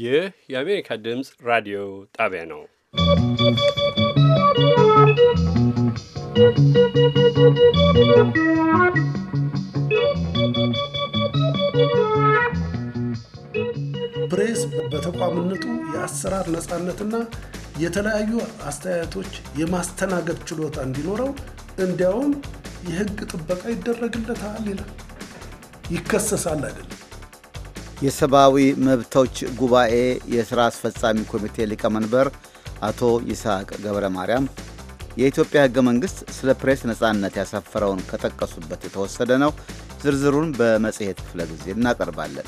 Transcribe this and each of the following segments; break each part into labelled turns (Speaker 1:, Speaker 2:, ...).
Speaker 1: ይህ የአሜሪካ ድምፅ ራዲዮ ጣቢያ ነው።
Speaker 2: ፕሬስ በተቋምነቱ የአሰራር ነፃነትና የተለያዩ አስተያየቶች የማስተናገድ ችሎታ እንዲኖረው እንዲያውም የሕግ ጥበቃ ይደረግለታል ይላል። ይከሰሳል አይደለም
Speaker 3: የሰብአዊ መብቶች ጉባኤ የሥራ አስፈጻሚ ኮሚቴ ሊቀመንበር አቶ ይስሐቅ ገብረ ማርያም የኢትዮጵያ ሕገ መንግሥት ስለ ፕሬስ ነጻነት ያሰፈረውን ከጠቀሱበት የተወሰደ ነው። ዝርዝሩን በመጽሔት ክፍለ ጊዜ እናቀርባለን።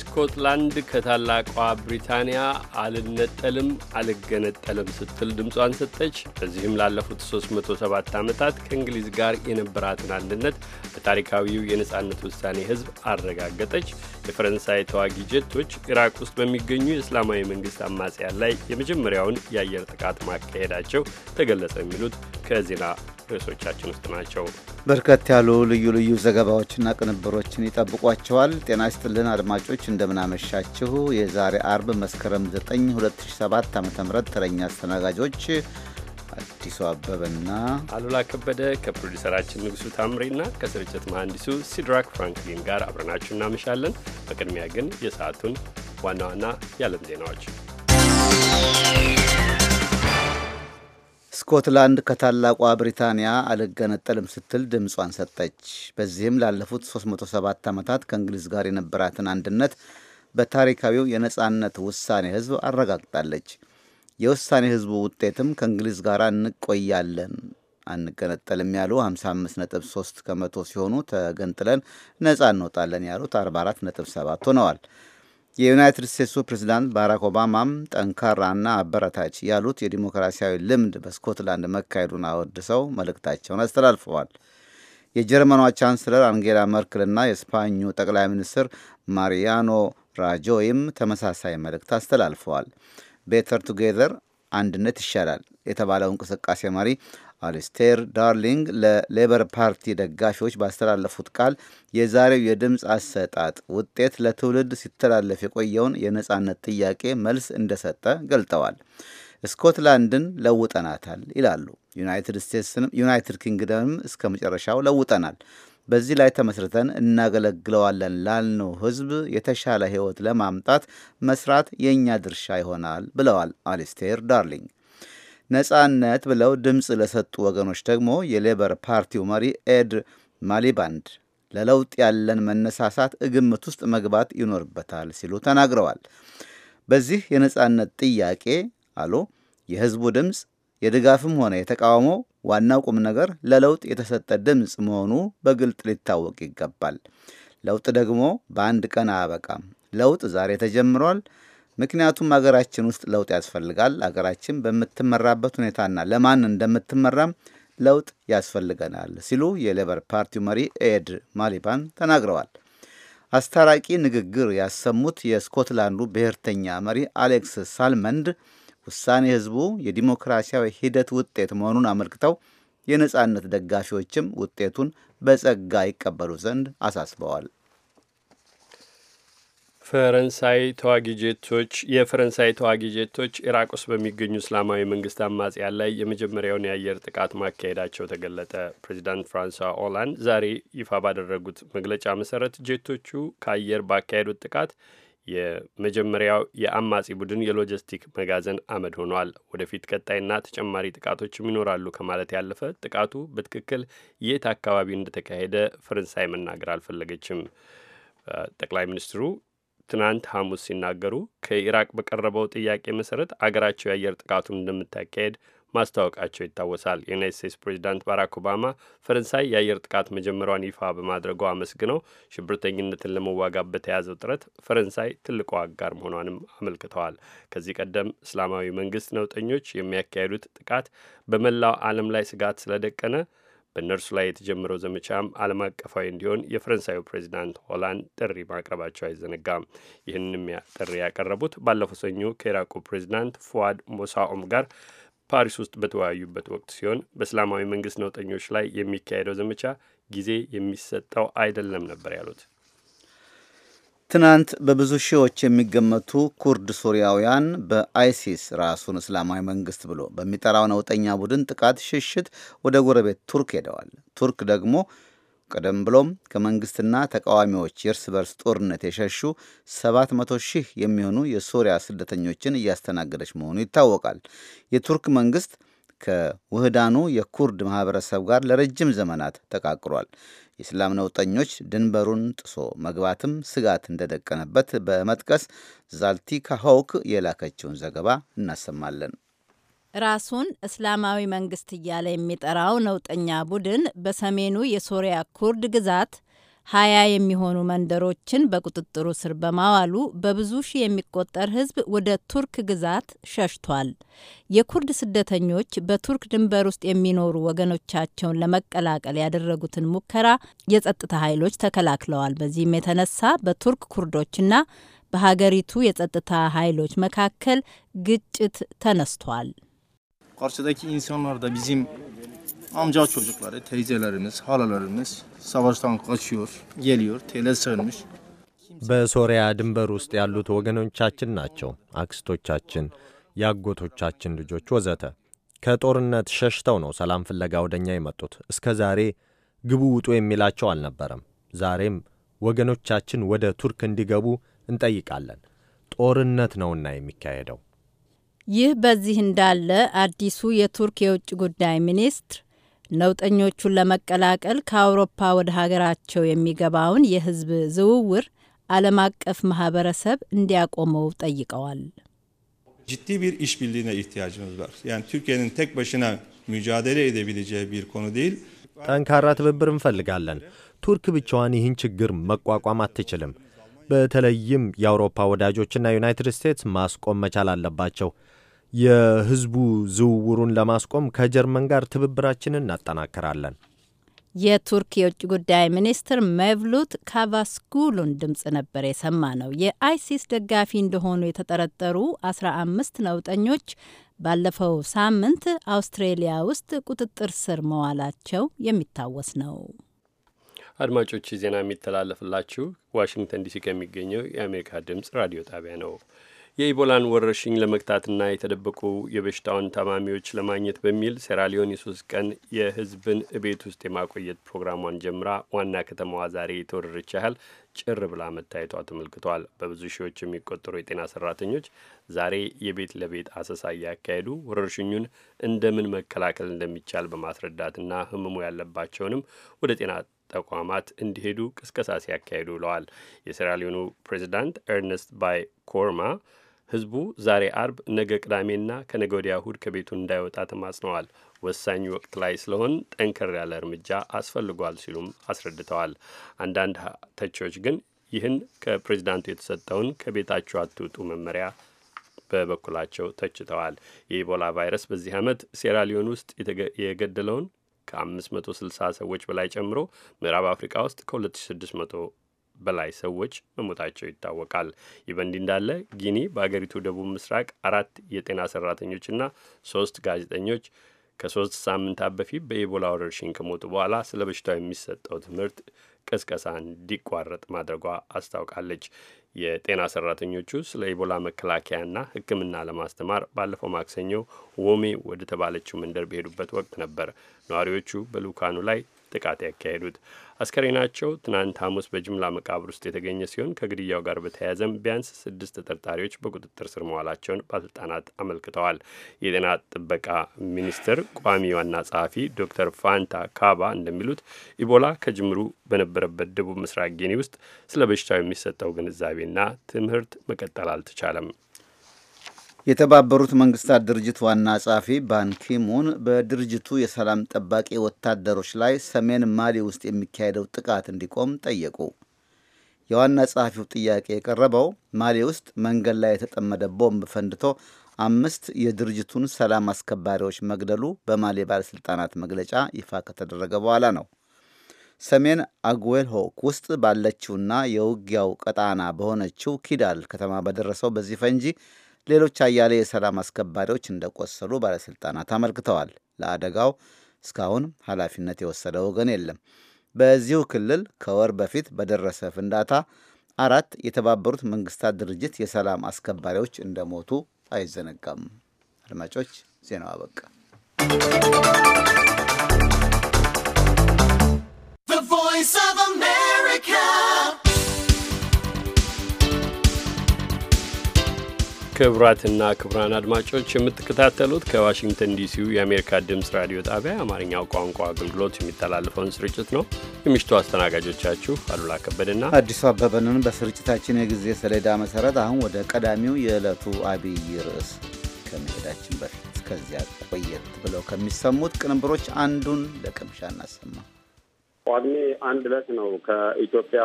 Speaker 1: ስኮትላንድ ከታላቋ ብሪታንያ አልነጠልም አልገነጠልም ስትል ድምጿን ሰጠች። በዚህም ላለፉት 307 ዓመታት ከእንግሊዝ ጋር የነበራትን አንድነት በታሪካዊው የነፃነት ውሳኔ ህዝብ አረጋገጠች። የፈረንሳይ ተዋጊ ጀቶች ኢራቅ ውስጥ በሚገኙ የእስላማዊ መንግስት አማጽያን ላይ የመጀመሪያውን የአየር ጥቃት ማካሄዳቸው ተገለጸ። የሚሉት ከዜና ርዕሶቻችን ውስጥ ናቸው።
Speaker 3: በርከት ያሉ ልዩ ልዩ ዘገባዎችና ቅንብሮችን ይጠብቋቸዋል። ጤና ይስጥልን አድማጮች፣ እንደምናመሻችሁ። የዛሬ አርብ መስከረም 9 2007 ዓ ም ተረኛ አስተናጋጆች አዲሱ አበበና
Speaker 1: አሉላ ከበደ ከፕሮዲሰራችን ንጉሱ ታምሬና ከስርጭት መሐንዲሱ ሲድራክ ፍራንክሊን ጋር አብረናችሁ እናመሻለን። በቅድሚያ ግን የሰዓቱን ዋና ዋና የዓለም ዜናዎች
Speaker 3: ስኮትላንድ ከታላቋ ብሪታንያ አልገነጠልም ስትል ድምጿን ሰጠች። በዚህም ላለፉት 307 ዓመታት ከእንግሊዝ ጋር የነበራትን አንድነት በታሪካዊው የነፃነት ውሳኔ ህዝብ አረጋግጣለች። የውሳኔ ህዝቡ ውጤትም ከእንግሊዝ ጋር እንቆያለን አንገነጠልም ያሉ 55.3 ከመቶ ሲሆኑ ተገንጥለን ነፃ እንወጣለን ያሉት 44.7 ሆነዋል። የዩናይትድ ስቴትሱ ፕሬዚዳንት ባራክ ኦባማም ጠንካራና አበረታች ያሉት የዲሞክራሲያዊ ልምድ በስኮትላንድ መካሄዱን አወድሰው መልእክታቸውን አስተላልፈዋል። የጀርመኗ ቻንስለር አንጌላ መርክልና የስፓኙ ጠቅላይ ሚኒስትር ማሪያኖ ራጆይም ተመሳሳይ መልእክት አስተላልፈዋል። ቤተር ቱጌዘር አንድነት ይሻላል የተባለው እንቅስቃሴ መሪ አሊስቴር ዳርሊንግ ለሌበር ፓርቲ ደጋፊዎች ባስተላለፉት ቃል የዛሬው የድምፅ አሰጣጥ ውጤት ለትውልድ ሲተላለፍ የቆየውን የነጻነት ጥያቄ መልስ እንደሰጠ ገልጠዋል። ስኮትላንድን ለውጠናታል ይላሉ። ዩናይትድ ስቴትስንም ዩናይትድ ኪንግደምም እስከ መጨረሻው ለውጠናል። በዚህ ላይ ተመስርተን እናገለግለዋለን ላልነው ሕዝብ የተሻለ ሕይወት ለማምጣት መስራት የእኛ ድርሻ ይሆናል ብለዋል አሊስቴር ዳርሊንግ። ነጻነት ብለው ድምፅ ለሰጡ ወገኖች ደግሞ የሌበር ፓርቲው መሪ ኤድ ማሊባንድ ለለውጥ ያለን መነሳሳት ግምት ውስጥ መግባት ይኖርበታል ሲሉ ተናግረዋል። በዚህ የነጻነት ጥያቄ አሉ የህዝቡ ድምፅ የድጋፍም ሆነ የተቃውሞ ዋናው ቁም ነገር ለለውጥ የተሰጠ ድምፅ መሆኑ በግልጥ ሊታወቅ ይገባል። ለውጥ ደግሞ በአንድ ቀን አያበቃም። ለውጥ ዛሬ ተጀምሯል። ምክንያቱም አገራችን ውስጥ ለውጥ ያስፈልጋል። አገራችን በምትመራበት ሁኔታና ለማን እንደምትመራም ለውጥ ያስፈልገናል ሲሉ የሌበር ፓርቲው መሪ ኤድ ማሊባን ተናግረዋል። አስታራቂ ንግግር ያሰሙት የስኮትላንዱ ብሔርተኛ መሪ አሌክስ ሳልመንድ ውሳኔ ህዝቡ የዲሞክራሲያዊ ሂደት ውጤት መሆኑን አመልክተው የነጻነት ደጋፊዎችም ውጤቱን በጸጋ ይቀበሉ ዘንድ አሳስበዋል።
Speaker 1: ፈረንሳይ ተዋጊ ጄቶች የፈረንሳይ ተዋጊ ጄቶች ኢራቅ ውስጥ በሚገኙ እስላማዊ መንግስት አማጽያን ላይ የመጀመሪያውን የአየር ጥቃት ማካሄዳቸው ተገለጠ። ፕሬዚዳንት ፍራንሷ ኦላንድ ዛሬ ይፋ ባደረጉት መግለጫ መሰረት ጄቶቹ ከአየር ባካሄዱት ጥቃት የመጀመሪያው የአማጺ ቡድን የሎጂስቲክ መጋዘን አመድ ሆኗል። ወደፊት ቀጣይና ተጨማሪ ጥቃቶችም ይኖራሉ ከማለት ያለፈ ጥቃቱ በትክክል የት አካባቢ እንደተካሄደ ፈረንሳይ መናገር አልፈለገችም። ጠቅላይ ሚኒስትሩ ትናንት ሐሙስ ሲናገሩ ከኢራቅ በቀረበው ጥያቄ መሰረት አገራቸው የአየር ጥቃቱን እንደምታካሄድ ማስታወቃቸው ይታወሳል። የዩናይት ስቴትስ ፕሬዚዳንት ባራክ ኦባማ ፈረንሳይ የአየር ጥቃት መጀመሯን ይፋ በማድረጉ አመስግነው ሽብርተኝነትን ለመዋጋት በተያዘው ጥረት ፈረንሳይ ትልቁ አጋር መሆኗንም አመልክተዋል። ከዚህ ቀደም እስላማዊ መንግስት ነውጠኞች የሚያካሄዱት ጥቃት በመላው ዓለም ላይ ስጋት ስለደቀነ በእነርሱ ላይ የተጀመረው ዘመቻም ዓለም አቀፋዊ እንዲሆን የፈረንሳዩ ፕሬዚዳንት ሆላንድ ጥሪ ማቅረባቸው አይዘነጋም። ይህንም ጥሪ ያቀረቡት ባለፈው ሰኞ ከኢራቁ ፕሬዚዳንት ፉአድ ሞሳኦም ጋር ፓሪስ ውስጥ በተወያዩበት ወቅት ሲሆን በእስላማዊ መንግስት ነውጠኞች ላይ የሚካሄደው ዘመቻ ጊዜ የሚሰጠው አይደለም ነበር ያሉት።
Speaker 3: ትናንት በብዙ ሺዎች የሚገመቱ ኩርድ ሱሪያውያን በአይሲስ ራሱን እስላማዊ መንግስት ብሎ በሚጠራው ነውጠኛ ቡድን ጥቃት ሽሽት ወደ ጎረቤት ቱርክ ሄደዋል። ቱርክ ደግሞ ቀደም ብሎም ከመንግስትና ተቃዋሚዎች የእርስ በርስ ጦርነት የሸሹ 700 ሺህ የሚሆኑ የሶሪያ ስደተኞችን እያስተናገደች መሆኑ ይታወቃል። የቱርክ መንግስት ከውህዳኑ የኩርድ ማህበረሰብ ጋር ለረጅም ዘመናት ተቃቅሯል። የእስላም ነውጠኞች ድንበሩን ጥሶ መግባትም ስጋት እንደደቀነበት በመጥቀስ ዛልቲካ ሆክ የላከችውን ዘገባ እናሰማለን።
Speaker 4: ራሱን እስላማዊ መንግስት እያለ የሚጠራው ነውጠኛ ቡድን በሰሜኑ የሶሪያ ኩርድ ግዛት ሀያ የሚሆኑ መንደሮችን በቁጥጥሩ ስር በማዋሉ በብዙ ሺህ የሚቆጠር ህዝብ ወደ ቱርክ ግዛት ሸሽቷል። የኩርድ ስደተኞች በቱርክ ድንበር ውስጥ የሚኖሩ ወገኖቻቸውን ለመቀላቀል ያደረጉትን ሙከራ የጸጥታ ኃይሎች ተከላክለዋል። በዚህም የተነሳ በቱርክ ኩርዶችና በሀገሪቱ የጸጥታ ኃይሎች መካከል ግጭት ተነስቷል።
Speaker 5: amca çocukları, teyzelerimiz,
Speaker 2: halalarımız savaştan kaçıyor, geliyor, tele sığınmış.
Speaker 5: በሶሪያ ድንበር ውስጥ ያሉት ወገኖቻችን ናቸው። አክስቶቻችን፣ የአጎቶቻችን ልጆች ወዘተ ከጦርነት ሸሽተው ነው ሰላም ፍለጋ ወደ የመጡት። እስከ ዛሬ ግቡ ውጡ የሚላቸው አልነበረም። ዛሬም ወገኖቻችን ወደ ቱርክ እንዲገቡ እንጠይቃለን። ጦርነት ነውና የሚካሄደው።
Speaker 4: ይህ በዚህ እንዳለ አዲሱ የቱርክ የውጭ ጉዳይ ሚኒስትር ነውጠኞቹን ለመቀላቀል ከአውሮፓ ወደ ሀገራቸው የሚገባውን የህዝብ ዝውውር ዓለም አቀፍ ማህበረሰብ እንዲያቆመው ጠይቀዋል።
Speaker 5: ጠንካራ ትብብር እንፈልጋለን። ቱርክ ብቻዋን ይህን ችግር መቋቋም አትችልም። በተለይም የአውሮፓ ወዳጆችና ዩናይትድ ስቴትስ ማስቆም መቻል አለባቸው። የህዝቡ ዝውውሩን ለማስቆም ከጀርመን ጋር ትብብራችንን እናጠናክራለን።
Speaker 4: የቱርክ የውጭ ጉዳይ ሚኒስትር መቭሉት ካቫስኩሉን ድምፅ ነበር የሰማ ነው። የአይሲስ ደጋፊ እንደሆኑ የተጠረጠሩ 15 ነውጠኞች ባለፈው ሳምንት አውስትሬሊያ ውስጥ ቁጥጥር ስር መዋላቸው የሚታወስ ነው።
Speaker 1: አድማጮች ዜና የሚተላለፍላችሁ ዋሽንግተን ዲሲ ከሚገኘው የአሜሪካ ድምፅ ራዲዮ ጣቢያ ነው። የኢቦላን ወረርሽኝ ለመግታትና የተደበቁ የበሽታውን ታማሚዎች ለማግኘት በሚል ሴራሊዮን የሶስት ቀን የህዝብን እቤት ውስጥ የማቆየት ፕሮግራሟን ጀምራ ዋና ከተማዋ ዛሬ የተወረረች ያህል ጭር ብላ መታየቷ ተመልክቷል። በብዙ ሺዎች የሚቆጠሩ የጤና ሰራተኞች ዛሬ የቤት ለቤት አሰሳ እያካሄዱ ወረርሽኙን እንደምን መከላከል እንደሚቻል በማስረዳትና ህመሙ ያለባቸውንም ወደ ጤና ተቋማት እንዲሄዱ ቅስቀሳ ሲያካሂዱ ውለዋል። የሴራሊዮኑ ፕሬዚዳንት ኤርነስት ባይ ኮርማ ህዝቡ ዛሬ አርብ፣ ነገ ቅዳሜና ከነገ ወዲያ እሁድ ከቤቱ እንዳይወጣ ተማጽነዋል። ወሳኝ ወቅት ላይ ስለሆን ጠንከር ያለ እርምጃ አስፈልጓል ሲሉም አስረድተዋል። አንዳንድ ተቺዎች ግን ይህን ከፕሬዚዳንቱ የተሰጠውን ከቤታቸው አትውጡ መመሪያ በበኩላቸው ተችተዋል። የኢቦላ ቫይረስ በዚህ ዓመት ሴራሊዮን ውስጥ የገደለውን ከ560 ሰዎች በላይ ጨምሮ ምዕራብ አፍሪካ ውስጥ ከ2600 በላይ ሰዎች መሞታቸው ይታወቃል። ይህ በእንዲህ እንዳለ ጊኒ በአገሪቱ ደቡብ ምስራቅ አራት የጤና ሰራተኞችና ሶስት ጋዜጠኞች ከሶስት ሳምንታት በፊት በኢቦላ ወረርሽኝ ከሞቱ በኋላ ስለ በሽታው የሚሰጠው ትምህርት ቅስቀሳ እንዲቋረጥ ማድረጓ አስታውቃለች። የጤና ሰራተኞቹ ስለ ኢቦላ መከላከያና ሕክምና ለማስተማር ባለፈው ማክሰኞ ወሜ ወደ ተባለችው መንደር በሄዱበት ወቅት ነበር ነዋሪዎቹ በልኡካኑ ላይ ጥቃት ያካሄዱት። አስከሬናቸው ትናንት ሐሙስ በጅምላ መቃብር ውስጥ የተገኘ ሲሆን ከግድያው ጋር በተያያዘም ቢያንስ ስድስት ተጠርጣሪዎች በቁጥጥር ስር መዋላቸውን ባለስልጣናት አመልክተዋል። የጤና ጥበቃ ሚኒስቴር ቋሚ ዋና ጸሐፊ ዶክተር ፋንታ ካባ እንደሚሉት ኢቦላ ከጅምሩ በነበረበት ደቡብ ምስራቅ ጊኒ ውስጥ ስለ በሽታው የሚሰጠው ግንዛቤና ትምህርት መቀጠል አልተቻለም።
Speaker 3: የተባበሩት መንግስታት ድርጅት ዋና ጸሐፊ ባንኪሙን በድርጅቱ የሰላም ጠባቂ ወታደሮች ላይ ሰሜን ማሊ ውስጥ የሚካሄደው ጥቃት እንዲቆም ጠየቁ። የዋና ጸሐፊው ጥያቄ የቀረበው ማሊ ውስጥ መንገድ ላይ የተጠመደ ቦምብ ፈንድቶ አምስት የድርጅቱን ሰላም አስከባሪዎች መግደሉ በማሊ ባለሥልጣናት መግለጫ ይፋ ከተደረገ በኋላ ነው። ሰሜን አጉዌልሆክ ውስጥ ባለችውና የውጊያው ቀጣና በሆነችው ኪዳል ከተማ በደረሰው በዚህ ፈንጂ ሌሎች አያሌ የሰላም አስከባሪዎች እንደቆሰሉ ባለሥልጣናት አመልክተዋል። ለአደጋው እስካሁን ኃላፊነት የወሰደ ወገን የለም። በዚሁ ክልል ከወር በፊት በደረሰ ፍንዳታ አራት የተባበሩት መንግስታት ድርጅት የሰላም አስከባሪዎች እንደሞቱ አይዘነጋም። አድማጮች፣ ዜናው አበቃ።
Speaker 6: ቮይስ ኦፍ አሜሪካ
Speaker 1: ክቡራትና ክቡራን አድማጮች የምትከታተሉት ከዋሽንግተን ዲሲው የአሜሪካ ድምፅ ራዲዮ ጣቢያ የአማርኛው ቋንቋ አገልግሎት የሚተላለፈውን ስርጭት ነው። የምሽቱ አስተናጋጆቻችሁ አሉላ ከበደና አዲሱ
Speaker 3: አበበንን በስርጭታችን የጊዜ ሰሌዳ መሰረት አሁን ወደ ቀዳሚው የዕለቱ አብይ ርዕስ ከመሄዳችን በፊት ከዚያ ቆየት ብለው ከሚሰሙት ቅንብሮች አንዱን ለቅምሻ እናሰማ።
Speaker 7: ጳጉሜ አንድ ዕለት ነው ከኢትዮጵያ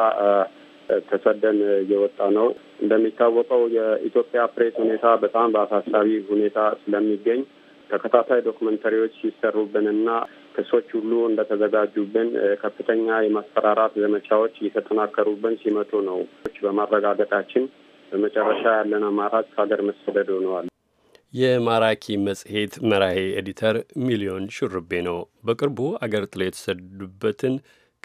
Speaker 7: ተሰደን የወጣ ነው። እንደሚታወቀው የኢትዮጵያ ፕሬስ ሁኔታ በጣም በአሳሳቢ ሁኔታ ስለሚገኝ ተከታታይ ዶክመንተሪዎች ሲሰሩብንና ክሶች ሁሉ እንደተዘጋጁብን ከፍተኛ የማስፈራራት ዘመቻዎች እየተጠናከሩብን ሲመጡ ነው። በማረጋገጣችን በመጨረሻ ያለን አማራጭ ሀገር መሰደድ ሆነዋል።
Speaker 1: የማራኪ መጽሔት መራሄ ኤዲተር ሚሊዮን ሹርቤ ነው። በቅርቡ አገር ጥሎ የተሰደዱበትን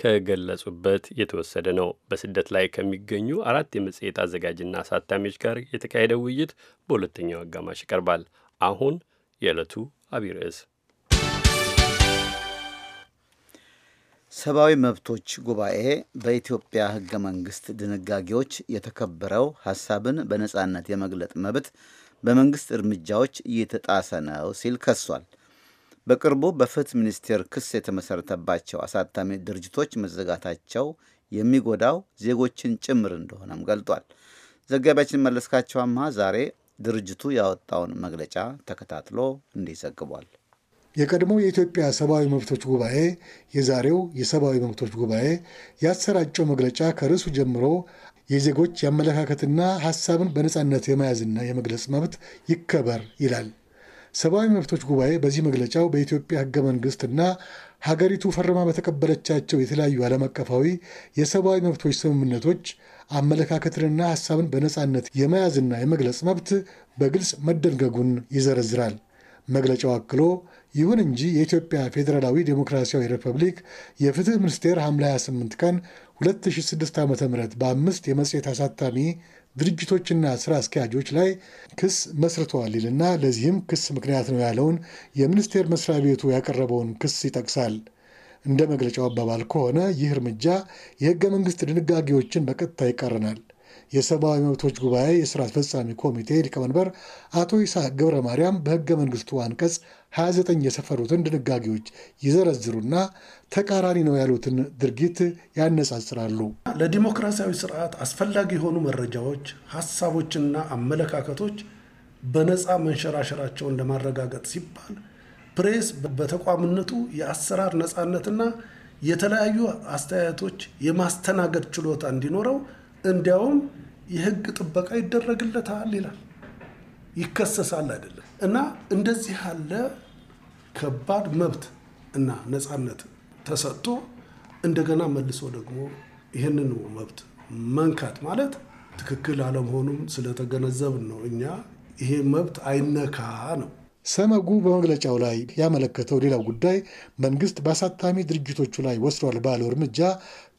Speaker 1: ከገለጹበት የተወሰደ ነው። በስደት ላይ ከሚገኙ አራት የመጽሔት አዘጋጅና አሳታሚዎች ጋር የተካሄደው ውይይት በሁለተኛው አጋማሽ ይቀርባል። አሁን የዕለቱ አብይ ርዕስ
Speaker 3: ሰብአዊ መብቶች ጉባኤ በኢትዮጵያ ሕገ መንግስት ድንጋጌዎች የተከበረው ሀሳብን በነጻነት የመግለጥ መብት በመንግስት እርምጃዎች እየተጣሰ ነው ሲል ከሷል። በቅርቡ በፍትህ ሚኒስቴር ክስ የተመሰረተባቸው አሳታሚ ድርጅቶች መዘጋታቸው የሚጎዳው ዜጎችን ጭምር እንደሆነም ገልጧል። ዘጋቢያችን መለስካቸው ዛሬ ድርጅቱ ያወጣውን መግለጫ ተከታትሎ እንዲህ ዘግቧል።
Speaker 8: የቀድሞ የኢትዮጵያ ሰብአዊ መብቶች ጉባኤ የዛሬው የሰብአዊ መብቶች ጉባኤ ያሰራጨው መግለጫ ከርዕሱ ጀምሮ የዜጎች የአመለካከትና ሀሳብን በነፃነት የመያዝና የመግለጽ መብት ይከበር ይላል። ሰብአዊ መብቶች ጉባኤ በዚህ መግለጫው በኢትዮጵያ ህገ መንግስትና ሀገሪቱ ፈርማ በተቀበለቻቸው የተለያዩ ዓለም አቀፋዊ የሰብአዊ መብቶች ስምምነቶች አመለካከትንና ሐሳብን በነጻነት የመያዝና የመግለጽ መብት በግልጽ መደንገጉን ይዘረዝራል። መግለጫው አክሎ ይሁን እንጂ የኢትዮጵያ ፌዴራላዊ ዴሞክራሲያዊ ሪፐብሊክ የፍትህ ሚኒስቴር ሐምሌ 28 ቀን 2006 ዓ ም በአምስት የመጽሔት አሳታሚ ድርጅቶችና ስራ አስኪያጆች ላይ ክስ መስርተዋል ይልና ለዚህም ክስ ምክንያት ነው ያለውን የሚኒስቴር መስሪያ ቤቱ ያቀረበውን ክስ ይጠቅሳል። እንደ መግለጫው አባባል ከሆነ ይህ እርምጃ የህገ መንግስት ድንጋጌዎችን በቀጥታ ይቃረናል። የሰብአዊ መብቶች ጉባኤ የስራ አስፈጻሚ ኮሚቴ ሊቀመንበር አቶ ይስሐቅ ገብረ ማርያም በህገ መንግስቱ አንቀጽ 29 የሰፈሩትን ድንጋጌዎች ይዘረዝሩና ተቃራኒ ነው ያሉትን ድርጊት ያነጻጽራሉ። ለዲሞክራሲያዊ ስርዓት አስፈላጊ የሆኑ መረጃዎች፣
Speaker 2: ሀሳቦችና አመለካከቶች በነፃ መንሸራሸራቸውን ለማረጋገጥ ሲባል ፕሬስ በተቋምነቱ የአሰራር ነፃነትና የተለያዩ አስተያየቶች የማስተናገድ ችሎታ እንዲኖረው እንዲያውም የህግ ጥበቃ ይደረግለታል ይላል። ይከሰሳል አይደለም እና እንደዚህ ያለ ከባድ መብት እና ነፃነት ተሰጥቶ እንደገና መልሶ ደግሞ ይህንን መብት መንካት ማለት ትክክል
Speaker 8: አለመሆኑም ስለተገነዘብን ነው እኛ ይሄ መብት አይነካ ነው። ሰመጉ በመግለጫው ላይ ያመለከተው ሌላው ጉዳይ መንግስት በአሳታሚ ድርጅቶቹ ላይ ወስዷል ባለው እርምጃ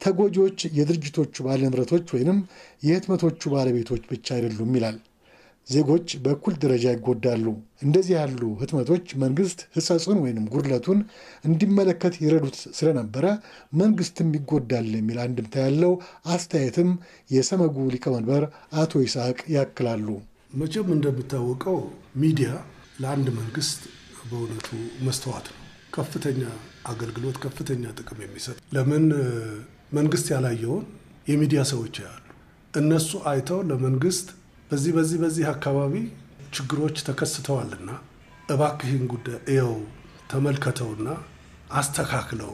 Speaker 8: ተጎጂዎች የድርጅቶቹ ባለንብረቶች ወይንም የህትመቶቹ ባለቤቶች ብቻ አይደሉም ይላል። ዜጎች በእኩል ደረጃ ይጎዳሉ። እንደዚህ ያሉ ህትመቶች መንግስት ህጸጹን ወይም ጉድለቱን እንዲመለከት ይረዱት ስለነበረ መንግስትም ይጎዳል የሚል አንድምታ ያለው አስተያየትም የሰመጉ ሊቀመንበር አቶ ይስሐቅ ያክላሉ። መቼም እንደሚታወቀው ሚዲያ ለአንድ መንግስት
Speaker 2: በእውነቱ መስተዋት ነው። ከፍተኛ አገልግሎት፣ ከፍተኛ ጥቅም የሚሰጥ ለምን መንግስት ያላየውን የሚዲያ ሰዎች ያሉ እነሱ አይተው ለመንግስት በዚህ በዚህ በዚህ አካባቢ ችግሮች ተከስተዋልና እባክህን ጉዳይ እየው ተመልከተውና አስተካክለው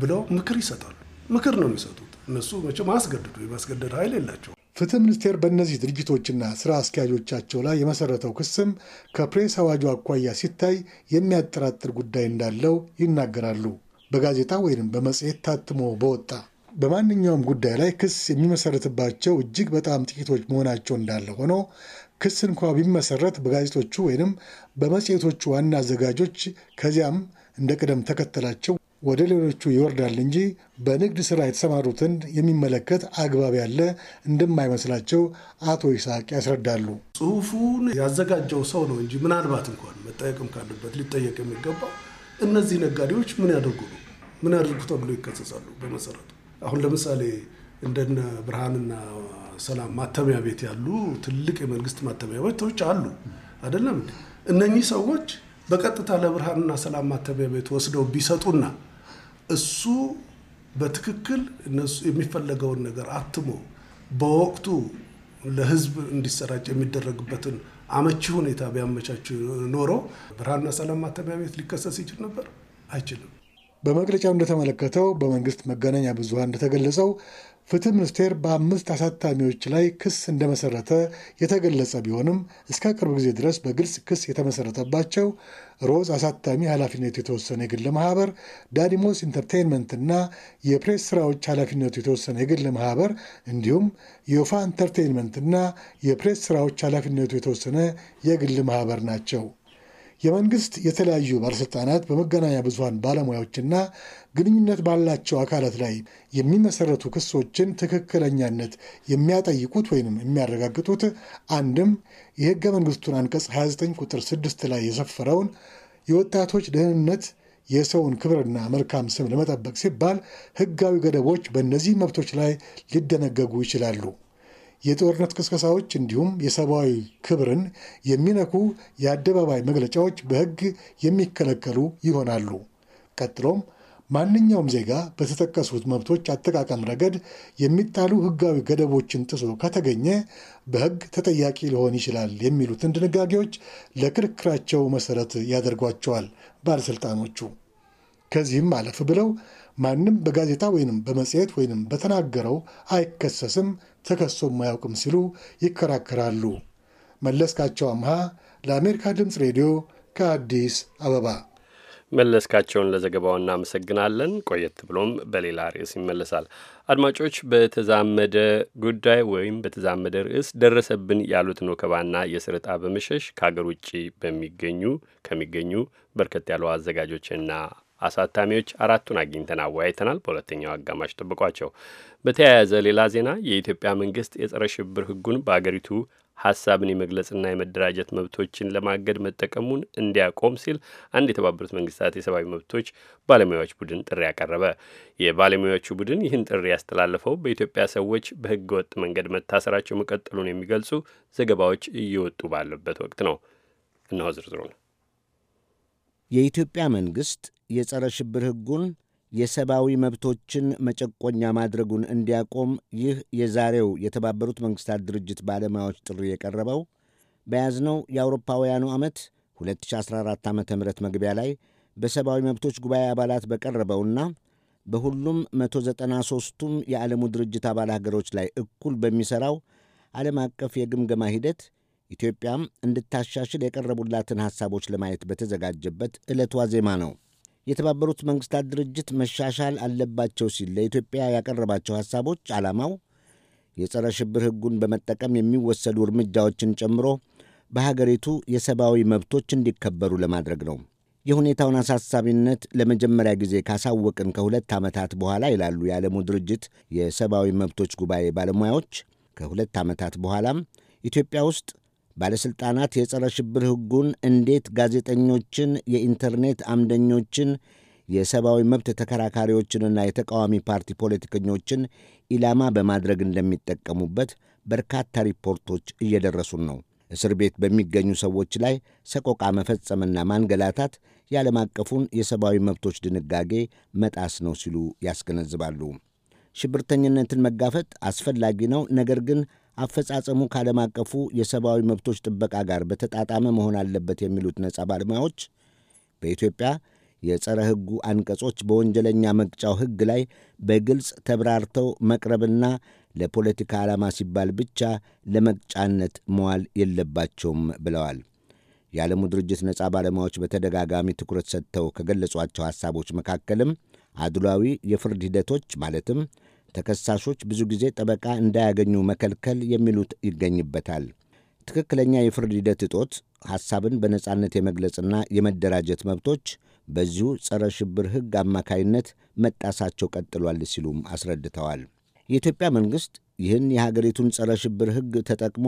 Speaker 2: ብለው ምክር ይሰጣሉ።
Speaker 8: ምክር ነው የሚሰጡት
Speaker 2: እነሱ መቼም አስገድዱ የማስገደድ ኃይል የላቸው።
Speaker 8: ፍትህ ሚኒስቴር በእነዚህ ድርጅቶችና ስራ አስኪያጆቻቸው ላይ የመሰረተው ክስም ከፕሬስ አዋጁ አኳያ ሲታይ የሚያጠራጥር ጉዳይ እንዳለው ይናገራሉ። በጋዜጣ ወይም በመጽሔት ታትሞ በወጣ በማንኛውም ጉዳይ ላይ ክስ የሚመሰረትባቸው እጅግ በጣም ጥቂቶች መሆናቸው እንዳለ ሆኖ ክስ እንኳ ቢመሰረት በጋዜጦቹ ወይንም በመጽሔቶቹ ዋና አዘጋጆች ከዚያም እንደ ቅደም ተከተላቸው ወደ ሌሎቹ ይወርዳል እንጂ በንግድ ስራ የተሰማሩትን የሚመለከት አግባብ ያለ እንደማይመስላቸው አቶ ይስሐቅ ያስረዳሉ። ጽሁፉን ያዘጋጀው ሰው ነው እንጂ ምናልባት
Speaker 2: እንኳን መጠየቅም ካለበት ሊጠየቅ የሚገባው እነዚህ ነጋዴዎች ምን ያደርጉ ነው ምን ያደርጉ ተብሎ ይከሰሳሉ በመሰረቱ አሁን ለምሳሌ እንደነ ብርሃንና ሰላም ማተሚያ ቤት ያሉ ትልቅ የመንግስት ማተሚያ ቤቶች አሉ አይደለም። እነኚህ ሰዎች በቀጥታ ለብርሃንና ሰላም ማተሚያ ቤት ወስደው ቢሰጡና እሱ በትክክል እነሱ የሚፈለገውን ነገር አትሞ በወቅቱ ለህዝብ እንዲሰራጭ የሚደረግበትን አመቺ ሁኔታ ቢያመቻች ኖሮ ብርሃንና ሰላም ማተሚያ ቤት ሊከሰስ ይችል ነበር?
Speaker 8: አይችልም። በመግለጫው እንደተመለከተው በመንግስት መገናኛ ብዙሃን እንደተገለጸው ፍትህ ሚኒስቴር በአምስት አሳታሚዎች ላይ ክስ እንደመሰረተ የተገለጸ ቢሆንም እስከ ቅርብ ጊዜ ድረስ በግልጽ ክስ የተመሰረተባቸው ሮዝ አሳታሚ ኃላፊነቱ የተወሰነ የግል ማህበር፣ ዳዲሞስ ኢንተርቴንመንት እና የፕሬስ ስራዎች ኃላፊነቱ የተወሰነ የግል ማህበር እንዲሁም የውፋ ኢንተርቴንመንትና የፕሬስ ስራዎች ኃላፊነቱ የተወሰነ የግል ማህበር ናቸው። የመንግስት የተለያዩ ባለስልጣናት በመገናኛ ብዙሀን ባለሙያዎችና ግንኙነት ባላቸው አካላት ላይ የሚመሰረቱ ክሶችን ትክክለኛነት የሚያጠይቁት ወይንም የሚያረጋግጡት አንድም የህገ መንግስቱን አንቀጽ 29 ቁጥር 6 ላይ የሰፈረውን የወጣቶች ደህንነት የሰውን ክብርና መልካም ስም ለመጠበቅ ሲባል ህጋዊ ገደቦች በእነዚህ መብቶች ላይ ሊደነገጉ ይችላሉ። የጦርነት ቅስቀሳዎች እንዲሁም የሰብአዊ ክብርን የሚነኩ የአደባባይ መግለጫዎች በሕግ የሚከለከሉ ይሆናሉ። ቀጥሎም ማንኛውም ዜጋ በተጠቀሱት መብቶች አጠቃቀም ረገድ የሚጣሉ ሕጋዊ ገደቦችን ጥሶ ከተገኘ በሕግ ተጠያቂ ሊሆን ይችላል የሚሉትን ድንጋጌዎች ለክርክራቸው መሰረት ያደርጓቸዋል ባለሥልጣኖቹ። ከዚህም አለፍ ብለው ማንም በጋዜጣ ወይንም በመጽሔት ወይንም በተናገረው አይከሰስም፣ ተከሶም አያውቅም ሲሉ ይከራከራሉ። መለስካቸው አምሃ ለአሜሪካ ድምፅ ሬዲዮ ከአዲስ አበባ።
Speaker 1: መለስካቸውን ለዘገባው እናመሰግናለን። ቆየት ብሎም በሌላ ርዕስ ይመለሳል። አድማጮች፣ በተዛመደ ጉዳይ ወይም በተዛመደ ርዕስ ደረሰብን ያሉትን ወከባና የስርጣ በመሸሽ ከሀገር ውጭ በሚገኙ ከሚገኙ በርከት ያሉ አዘጋጆችና አሳታሚዎች አራቱን አግኝተን አወያይተናል። በሁለተኛው አጋማሽ ጠብቋቸው። በተያያዘ ሌላ ዜና የኢትዮጵያ መንግስት የጸረ ሽብር ህጉን በአገሪቱ ሀሳብን የመግለጽና የመደራጀት መብቶችን ለማገድ መጠቀሙን እንዲያቆም ሲል አንድ የተባበሩት መንግስታት የሰብአዊ መብቶች ባለሙያዎች ቡድን ጥሪ ያቀረበ። የባለሙያዎቹ ቡድን ይህን ጥሪ ያስተላለፈው በኢትዮጵያ ሰዎች በህገ ወጥ መንገድ መታሰራቸው መቀጠሉን የሚገልጹ ዘገባዎች እየወጡ ባለበት ወቅት ነው። እነሆ ዝርዝሩ ነው።
Speaker 9: የኢትዮጵያ መንግስት የጸረ ሽብር ሕጉን የሰብአዊ መብቶችን መጨቆኛ ማድረጉን እንዲያቆም ይህ የዛሬው የተባበሩት መንግሥታት ድርጅት ባለሙያዎች ጥሪ የቀረበው በያዝነው የአውሮፓውያኑ ዓመት 2014 ዓ ም መግቢያ ላይ በሰብአዊ መብቶች ጉባኤ አባላት በቀረበውና በሁሉም 193ቱም የዓለሙ ድርጅት አባል ሀገሮች ላይ እኩል በሚሠራው ዓለም አቀፍ የግምገማ ሂደት ኢትዮጵያም እንድታሻሽል የቀረቡላትን ሐሳቦች ለማየት በተዘጋጀበት ዕለት ዋዜማ ነው። የተባበሩት መንግስታት ድርጅት መሻሻል አለባቸው ሲል ለኢትዮጵያ ያቀረባቸው ሐሳቦች ዓላማው የጸረ ሽብር ሕጉን በመጠቀም የሚወሰዱ እርምጃዎችን ጨምሮ በሀገሪቱ የሰብአዊ መብቶች እንዲከበሩ ለማድረግ ነው። የሁኔታውን አሳሳቢነት ለመጀመሪያ ጊዜ ካሳወቅን ከሁለት ዓመታት በኋላ ይላሉ የዓለሙ ድርጅት የሰብአዊ መብቶች ጉባኤ ባለሙያዎች። ከሁለት ዓመታት በኋላም ኢትዮጵያ ውስጥ ባለሥልጣናት የጸረ ሽብር ሕጉን እንዴት ጋዜጠኞችን፣ የኢንተርኔት አምደኞችን፣ የሰብአዊ መብት ተከራካሪዎችንና የተቃዋሚ ፓርቲ ፖለቲከኞችን ኢላማ በማድረግ እንደሚጠቀሙበት በርካታ ሪፖርቶች እየደረሱን ነው። እስር ቤት በሚገኙ ሰዎች ላይ ሰቆቃ መፈጸምና ማንገላታት የዓለም አቀፉን የሰብአዊ መብቶች ድንጋጌ መጣስ ነው ሲሉ ያስገነዝባሉ። ሽብርተኝነትን መጋፈጥ አስፈላጊ ነው፣ ነገር ግን አፈጻጸሙ ከዓለም አቀፉ የሰብአዊ መብቶች ጥበቃ ጋር በተጣጣመ መሆን አለበት የሚሉት ነጻ ባለሙያዎች በኢትዮጵያ የጸረ ሕጉ አንቀጾች በወንጀለኛ መቅጫው ሕግ ላይ በግልጽ ተብራርተው መቅረብና ለፖለቲካ ዓላማ ሲባል ብቻ ለመቅጫነት መዋል የለባቸውም ብለዋል። የዓለሙ ድርጅት ነጻ ባለሙያዎች በተደጋጋሚ ትኩረት ሰጥተው ከገለጿቸው ሐሳቦች መካከልም አድሏዊ የፍርድ ሂደቶች ማለትም ተከሳሾች ብዙ ጊዜ ጠበቃ እንዳያገኙ መከልከል የሚሉት ይገኝበታል። ትክክለኛ የፍርድ ሂደት እጦት፣ ሐሳብን በነጻነት የመግለጽና የመደራጀት መብቶች በዚሁ ጸረ ሽብር ሕግ አማካይነት መጣሳቸው ቀጥሏል ሲሉም አስረድተዋል። የኢትዮጵያ መንግሥት ይህን የሀገሪቱን ጸረ ሽብር ሕግ ተጠቅሞ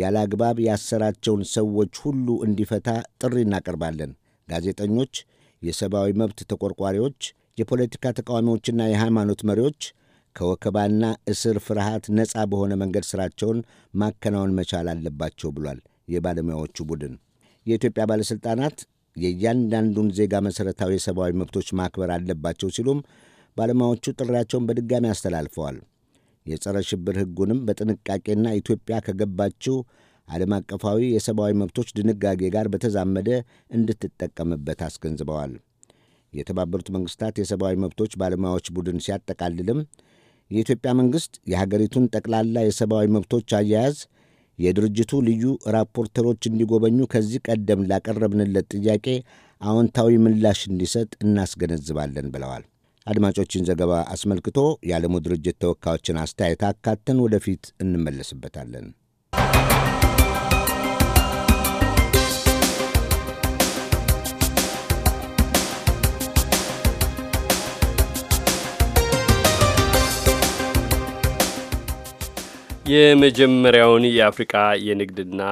Speaker 9: ያለ አግባብ ያሰራቸውን ሰዎች ሁሉ እንዲፈታ ጥሪ እናቀርባለን። ጋዜጠኞች፣ የሰብአዊ መብት ተቆርቋሪዎች፣ የፖለቲካ ተቃዋሚዎችና የሃይማኖት መሪዎች ከወከባና እስር ፍርሃት ነፃ በሆነ መንገድ ሥራቸውን ማከናወን መቻል አለባቸው ብሏል የባለሙያዎቹ ቡድን። የኢትዮጵያ ባለሥልጣናት የእያንዳንዱን ዜጋ መሠረታዊ የሰብአዊ መብቶች ማክበር አለባቸው ሲሉም ባለሙያዎቹ ጥሪያቸውን በድጋሚ አስተላልፈዋል። የጸረ ሽብር ሕጉንም በጥንቃቄና ኢትዮጵያ ከገባችው ዓለም አቀፋዊ የሰብአዊ መብቶች ድንጋጌ ጋር በተዛመደ እንድትጠቀምበት አስገንዝበዋል። የተባበሩት መንግሥታት የሰብአዊ መብቶች ባለሙያዎች ቡድን ሲያጠቃልልም የኢትዮጵያ መንግሥት የሀገሪቱን ጠቅላላ የሰብአዊ መብቶች አያያዝ የድርጅቱ ልዩ ራፖርተሮች እንዲጎበኙ ከዚህ ቀደም ላቀረብንለት ጥያቄ አዎንታዊ ምላሽ እንዲሰጥ እናስገነዝባለን ብለዋል። አድማጮችን ዘገባ አስመልክቶ የዓለሙ ድርጅት ተወካዮችን አስተያየት አካተን ወደፊት እንመለስበታለን።
Speaker 1: የመጀመሪያውን የአፍሪቃ የንግድና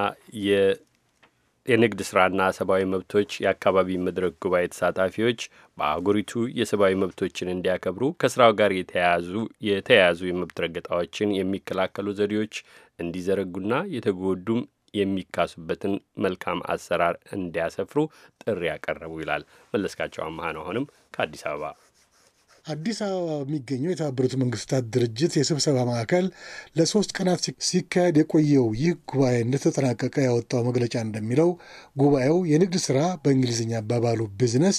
Speaker 1: የንግድ ስራና ሰብአዊ መብቶች የአካባቢ መድረክ ጉባኤ ተሳታፊዎች በአህጉሪቱ የሰብአዊ መብቶችን እንዲያከብሩ ከስራው ጋር የተያያዙ የተያያዙ የመብት ረገጣዎችን የሚከላከሉ ዘዴዎች እንዲዘረጉና የተጎዱም የሚካሱበትን መልካም አሰራር እንዲያሰፍሩ ጥሪ ያቀረቡ ይላል መለስካቸው አመሀን አሁንም ከአዲስ አበባ
Speaker 8: አዲስ አበባ በሚገኘው የተባበሩት መንግስታት ድርጅት የስብሰባ ማዕከል ለሶስት ቀናት ሲካሄድ የቆየው ይህ ጉባኤ እንደተጠናቀቀ ያወጣው መግለጫ እንደሚለው ጉባኤው የንግድ ስራ በእንግሊዝኛ አባባሉ ቢዝነስ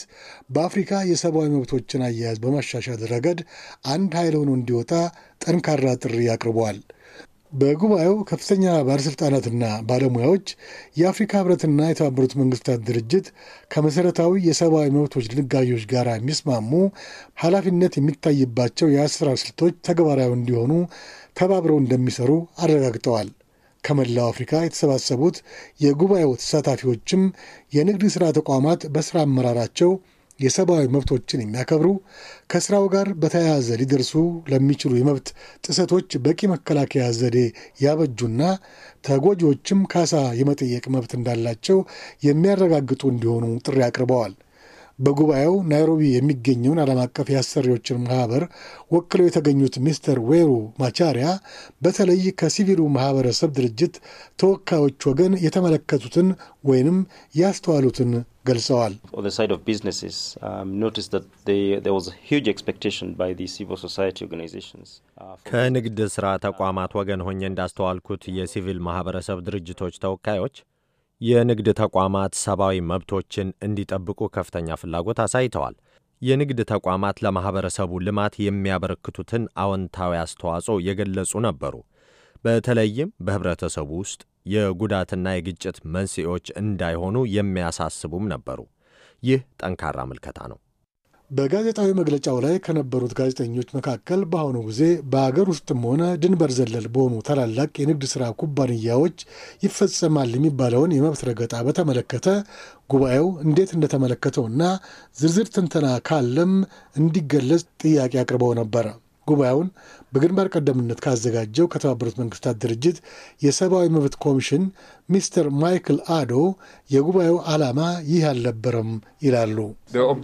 Speaker 8: በአፍሪካ የሰብአዊ መብቶችን አያያዝ በማሻሻል ረገድ አንድ ኃይል ሆኖ እንዲወጣ ጠንካራ ጥሪ አቅርበዋል። በጉባኤው ከፍተኛ ባለሥልጣናትና ባለሙያዎች የአፍሪካ ህብረትና የተባበሩት መንግስታት ድርጅት ከመሠረታዊ የሰብአዊ መብቶች ድንጋጌዎች ጋር የሚስማሙ ኃላፊነት የሚታይባቸው የአሰራር ስልቶች ተግባራዊ እንዲሆኑ ተባብረው እንደሚሰሩ አረጋግጠዋል። ከመላው አፍሪካ የተሰባሰቡት የጉባኤው ተሳታፊዎችም የንግድ ሥራ ተቋማት በሥራ አመራራቸው የሰብአዊ መብቶችን የሚያከብሩ ከስራው ጋር በተያያዘ ሊደርሱ ለሚችሉ የመብት ጥሰቶች በቂ መከላከያ ዘዴ ያበጁና ተጎጂዎችም ካሳ የመጠየቅ መብት እንዳላቸው የሚያረጋግጡ እንዲሆኑ ጥሪ አቅርበዋል። በጉባኤው ናይሮቢ የሚገኘውን ዓለም አቀፍ የአሰሪዎችን ማህበር ወክለው የተገኙት ሚስተር ዌሩ ማቻሪያ በተለይ ከሲቪሉ ማህበረሰብ ድርጅት ተወካዮች ወገን የተመለከቱትን ወይንም ያስተዋሉትን ገልጸዋል።
Speaker 7: um,
Speaker 5: uh, ከንግድ ሥራ ተቋማት ወገን ሆኜ እንዳስተዋልኩት የሲቪል ማኅበረሰብ ድርጅቶች ተወካዮች የንግድ ተቋማት ሰብአዊ መብቶችን እንዲጠብቁ ከፍተኛ ፍላጎት አሳይተዋል። የንግድ ተቋማት ለማኅበረሰቡ ልማት የሚያበረክቱትን አዎንታዊ አስተዋጽኦ የገለጹ ነበሩ። በተለይም በኅብረተሰቡ ውስጥ የጉዳትና የግጭት መንስኤዎች እንዳይሆኑ የሚያሳስቡም ነበሩ። ይህ ጠንካራ ምልከታ ነው።
Speaker 8: በጋዜጣዊ መግለጫው ላይ ከነበሩት ጋዜጠኞች መካከል በአሁኑ ጊዜ በአገር ውስጥም ሆነ ድንበር ዘለል በሆኑ ታላላቅ የንግድ ሥራ ኩባንያዎች ይፈጸማል የሚባለውን የመብት ረገጣ በተመለከተ ጉባኤው እንዴት እንደተመለከተውና ዝርዝር ትንተና ካለም እንዲገለጽ ጥያቄ አቅርበው ነበረ። ጉባኤውን በግንባር ቀደምነት ካዘጋጀው ከተባበሩት መንግስታት ድርጅት የሰብአዊ መብት ኮሚሽን ሚስተር ማይክል አዶ የጉባኤው ዓላማ ይህ አልነበረም
Speaker 2: ይላሉ። uh,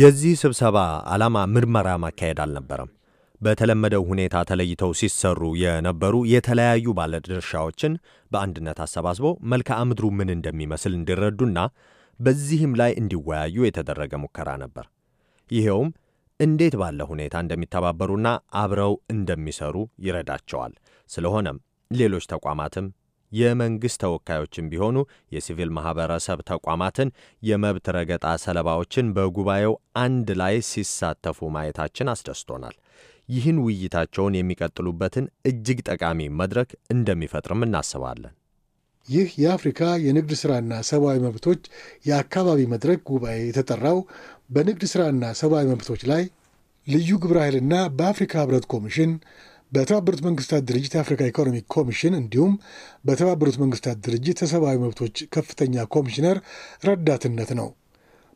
Speaker 5: የዚህ ስብሰባ ዓላማ ምርመራ ማካሄድ አልነበረም። በተለመደው ሁኔታ ተለይተው ሲሰሩ የነበሩ የተለያዩ ባለድርሻዎችን በአንድነት አሰባስቦ መልክዓ ምድሩ ምን እንደሚመስል እንዲረዱና በዚህም ላይ እንዲወያዩ የተደረገ ሙከራ ነበር። ይኸውም እንዴት ባለ ሁኔታ እንደሚተባበሩና አብረው እንደሚሰሩ ይረዳቸዋል። ስለሆነም ሌሎች ተቋማትም የመንግሥት ተወካዮችን ቢሆኑ የሲቪል ማኅበረሰብ ተቋማትን የመብት ረገጣ ሰለባዎችን በጉባኤው አንድ ላይ ሲሳተፉ ማየታችን አስደስቶናል። ይህን ውይይታቸውን የሚቀጥሉበትን እጅግ ጠቃሚ መድረክ እንደሚፈጥርም እናስባለን።
Speaker 8: ይህ የአፍሪካ የንግድ ሥራና ሰብአዊ መብቶች የአካባቢ መድረክ ጉባኤ የተጠራው በንግድ ሥራና ሰብአዊ መብቶች ላይ ልዩ ግብረ ኃይልና በአፍሪካ ህብረት ኮሚሽን በተባበሩት መንግስታት ድርጅት የአፍሪካ ኢኮኖሚክ ኮሚሽን እንዲሁም በተባበሩት መንግስታት ድርጅት የሰብአዊ መብቶች ከፍተኛ ኮሚሽነር ረዳትነት ነው።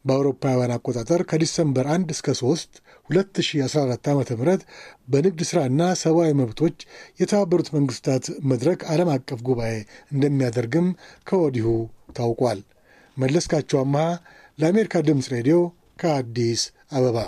Speaker 8: በአውሮፓውያን አቆጣጠር ከዲሰምበር 1 እስከ 3 2014 ዓ ም በንግድ ሥራና ሰብአዊ መብቶች የተባበሩት መንግስታት መድረክ ዓለም አቀፍ ጉባኤ እንደሚያደርግም ከወዲሁ ታውቋል። መለስካቸው አመሃ ለአሜሪካ ድምፅ ሬዲዮ ከአዲስ አበባ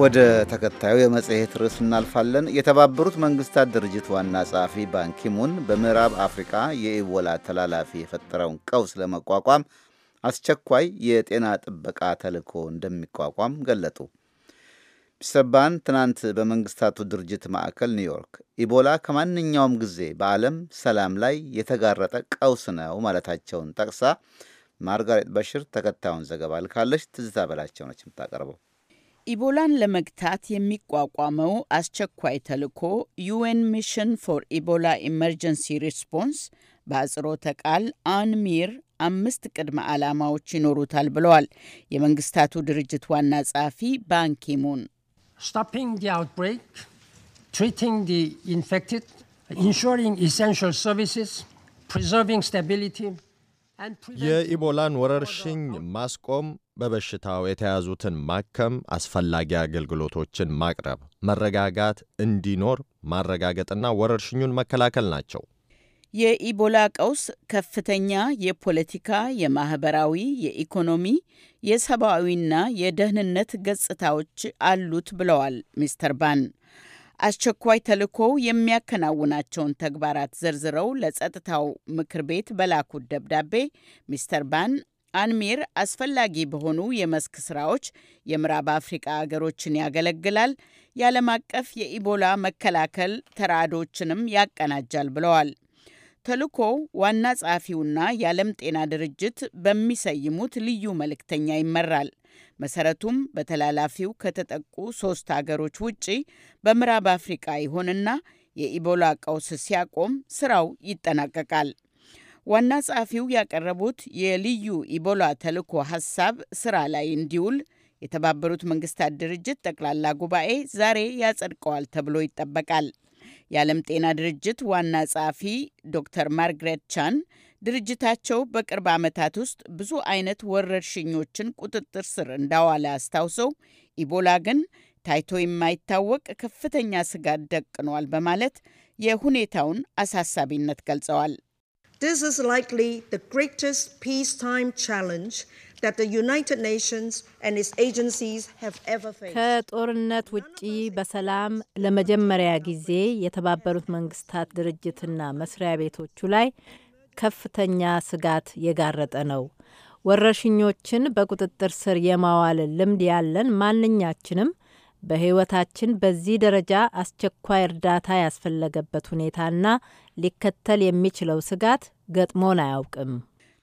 Speaker 3: ወደ ተከታዩ የመጽሔት ርዕስ እናልፋለን። የተባበሩት መንግስታት ድርጅት ዋና ጸሐፊ ባንኪሙን በምዕራብ አፍሪካ የኢቦላ ተላላፊ የፈጠረውን ቀውስ ለመቋቋም አስቸኳይ የጤና ጥበቃ ተልዕኮ እንደሚቋቋም ገለጡ። ሚስተር ባን ትናንት በመንግስታቱ ድርጅት ማዕከል ኒውዮርክ ኢቦላ ከማንኛውም ጊዜ በዓለም ሰላም ላይ የተጋረጠ ቀውስ ነው ማለታቸውን ጠቅሳ ማርጋሬት በሽር ተከታዩን ዘገባ ልካለች። ትዝታ በላቸው ነች የምታቀርበው።
Speaker 10: ኢቦላን ለመግታት የሚቋቋመው አስቸኳይ ተልዕኮ ዩኤን ሚሽን ፎር ኢቦላ ኢመርጀንሲ ሪስፖንስ በአጽሮተ ቃል አንሚር አምስት ቅድመ ዓላማዎች ይኖሩታል ብለዋል የመንግስታቱ ድርጅት ዋና ጸሐፊ ባንኪሙን። ስቶፒንግ ዲ አውትብሬክ፣ ትሪቲንግ ኢንፌክትድ፣ ኢንሹሪንግ ኢሴንሻል
Speaker 11: ሰርቪስስ፣ ፕሪዘርቪንግ ስታቢሊቲ
Speaker 5: የኢቦላን ወረርሽኝ ማስቆም፣ በበሽታው የተያዙትን ማከም፣ አስፈላጊ አገልግሎቶችን ማቅረብ፣ መረጋጋት እንዲኖር ማረጋገጥና ወረርሽኙን መከላከል ናቸው።
Speaker 10: የኢቦላ ቀውስ ከፍተኛ የፖለቲካ፣ የማኅበራዊ፣ የኢኮኖሚ፣ የሰብአዊና የደህንነት ገጽታዎች አሉት ብለዋል ሚስተር ባን። አስቸኳይ ተልእኮው የሚያከናውናቸውን ተግባራት ዘርዝረው ለጸጥታው ምክር ቤት በላኩት ደብዳቤ ሚስተር ባን አንሚር አስፈላጊ በሆኑ የመስክ ስራዎች የምዕራብ አፍሪቃ አገሮችን ያገለግላል፣ የዓለም አቀፍ የኢቦላ መከላከል ተራዶችንም ያቀናጃል ብለዋል። ተልኮ ዋና ጸሐፊውና የዓለም ጤና ድርጅት በሚሰይሙት ልዩ መልእክተኛ ይመራል። መሰረቱም በተላላፊው ከተጠቁ ሶስት አገሮች ውጪ በምዕራብ አፍሪቃ ይሆንና የኢቦላ ቀውስ ሲያቆም ስራው ይጠናቀቃል። ዋና ጸሐፊው ያቀረቡት የልዩ ኢቦላ ተልዕኮ ሀሳብ ስራ ላይ እንዲውል የተባበሩት መንግስታት ድርጅት ጠቅላላ ጉባኤ ዛሬ ያጸድቀዋል ተብሎ ይጠበቃል። የዓለም ጤና ድርጅት ዋና ጸሐፊ ዶክተር ማርግሬት ቻን ድርጅታቸው በቅርብ ዓመታት ውስጥ ብዙ አይነት ወረርሽኞችን ቁጥጥር ስር እንዳዋለ አስታውሰው ኢቦላ ግን ታይቶ የማይታወቅ ከፍተኛ ስጋት ደቅኗል በማለት የሁኔታውን አሳሳቢነት ገልጸዋል።
Speaker 11: This is likely the greatest peacetime challenge that the United Nations and its agencies have ever faced. ከጦርነት ውጪ
Speaker 4: በሰላም ለመጀመሪያ ጊዜ የተባበሩት መንግስታት ድርጅትና መስሪያ ቤቶቹ ላይ ከፍተኛ ስጋት የጋረጠ ነው። ወረርሽኞችን በቁጥጥር ስር የማዋል ልምድ ያለን ማንኛችንም በሕይወታችን በዚህ ደረጃ አስቸኳይ እርዳታ ያስፈለገበት ሁኔታና ሊከተል የሚችለው ስጋት ገጥሞን አያውቅም።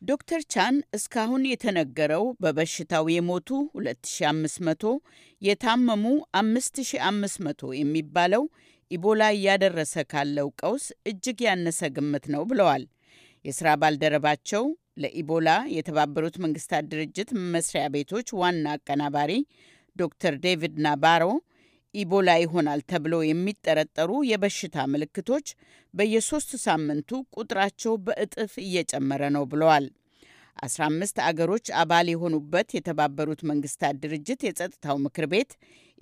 Speaker 10: ዶክተር ቻን እስካሁን የተነገረው በበሽታው የሞቱ 2500 የታመሙ 5500 የሚባለው ኢቦላ እያደረሰ ካለው ቀውስ እጅግ ያነሰ ግምት ነው ብለዋል። የሥራ ባልደረባቸው ለኢቦላ የተባበሩት መንግስታት ድርጅት መስሪያ ቤቶች ዋና አቀናባሪ ዶክተር ዴቪድ ናባሮ ኢቦላ ይሆናል ተብሎ የሚጠረጠሩ የበሽታ ምልክቶች በየሶስት ሳምንቱ ቁጥራቸው በእጥፍ እየጨመረ ነው ብለዋል። 15 አገሮች አባል የሆኑበት የተባበሩት መንግስታት ድርጅት የጸጥታው ምክር ቤት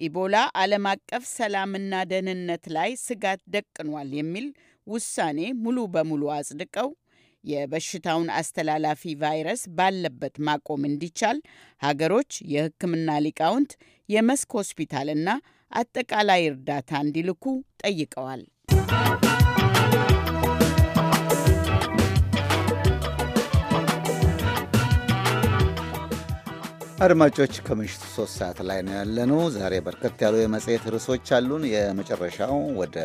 Speaker 10: ኢቦላ ዓለም አቀፍ ሰላምና ደህንነት ላይ ስጋት ደቅኗል የሚል ውሳኔ ሙሉ በሙሉ አጽድቀው የበሽታውን አስተላላፊ ቫይረስ ባለበት ማቆም እንዲቻል ሀገሮች የሕክምና ሊቃውንት የመስክ ሆስፒታልና አጠቃላይ እርዳታ እንዲልኩ ጠይቀዋል።
Speaker 3: አድማጮች ከምሽቱ ሶስት ሰዓት ላይ ነው ያለነው። ዛሬ በርከት ያሉ የመጽሔት ርዕሶች አሉን። የመጨረሻው ወደ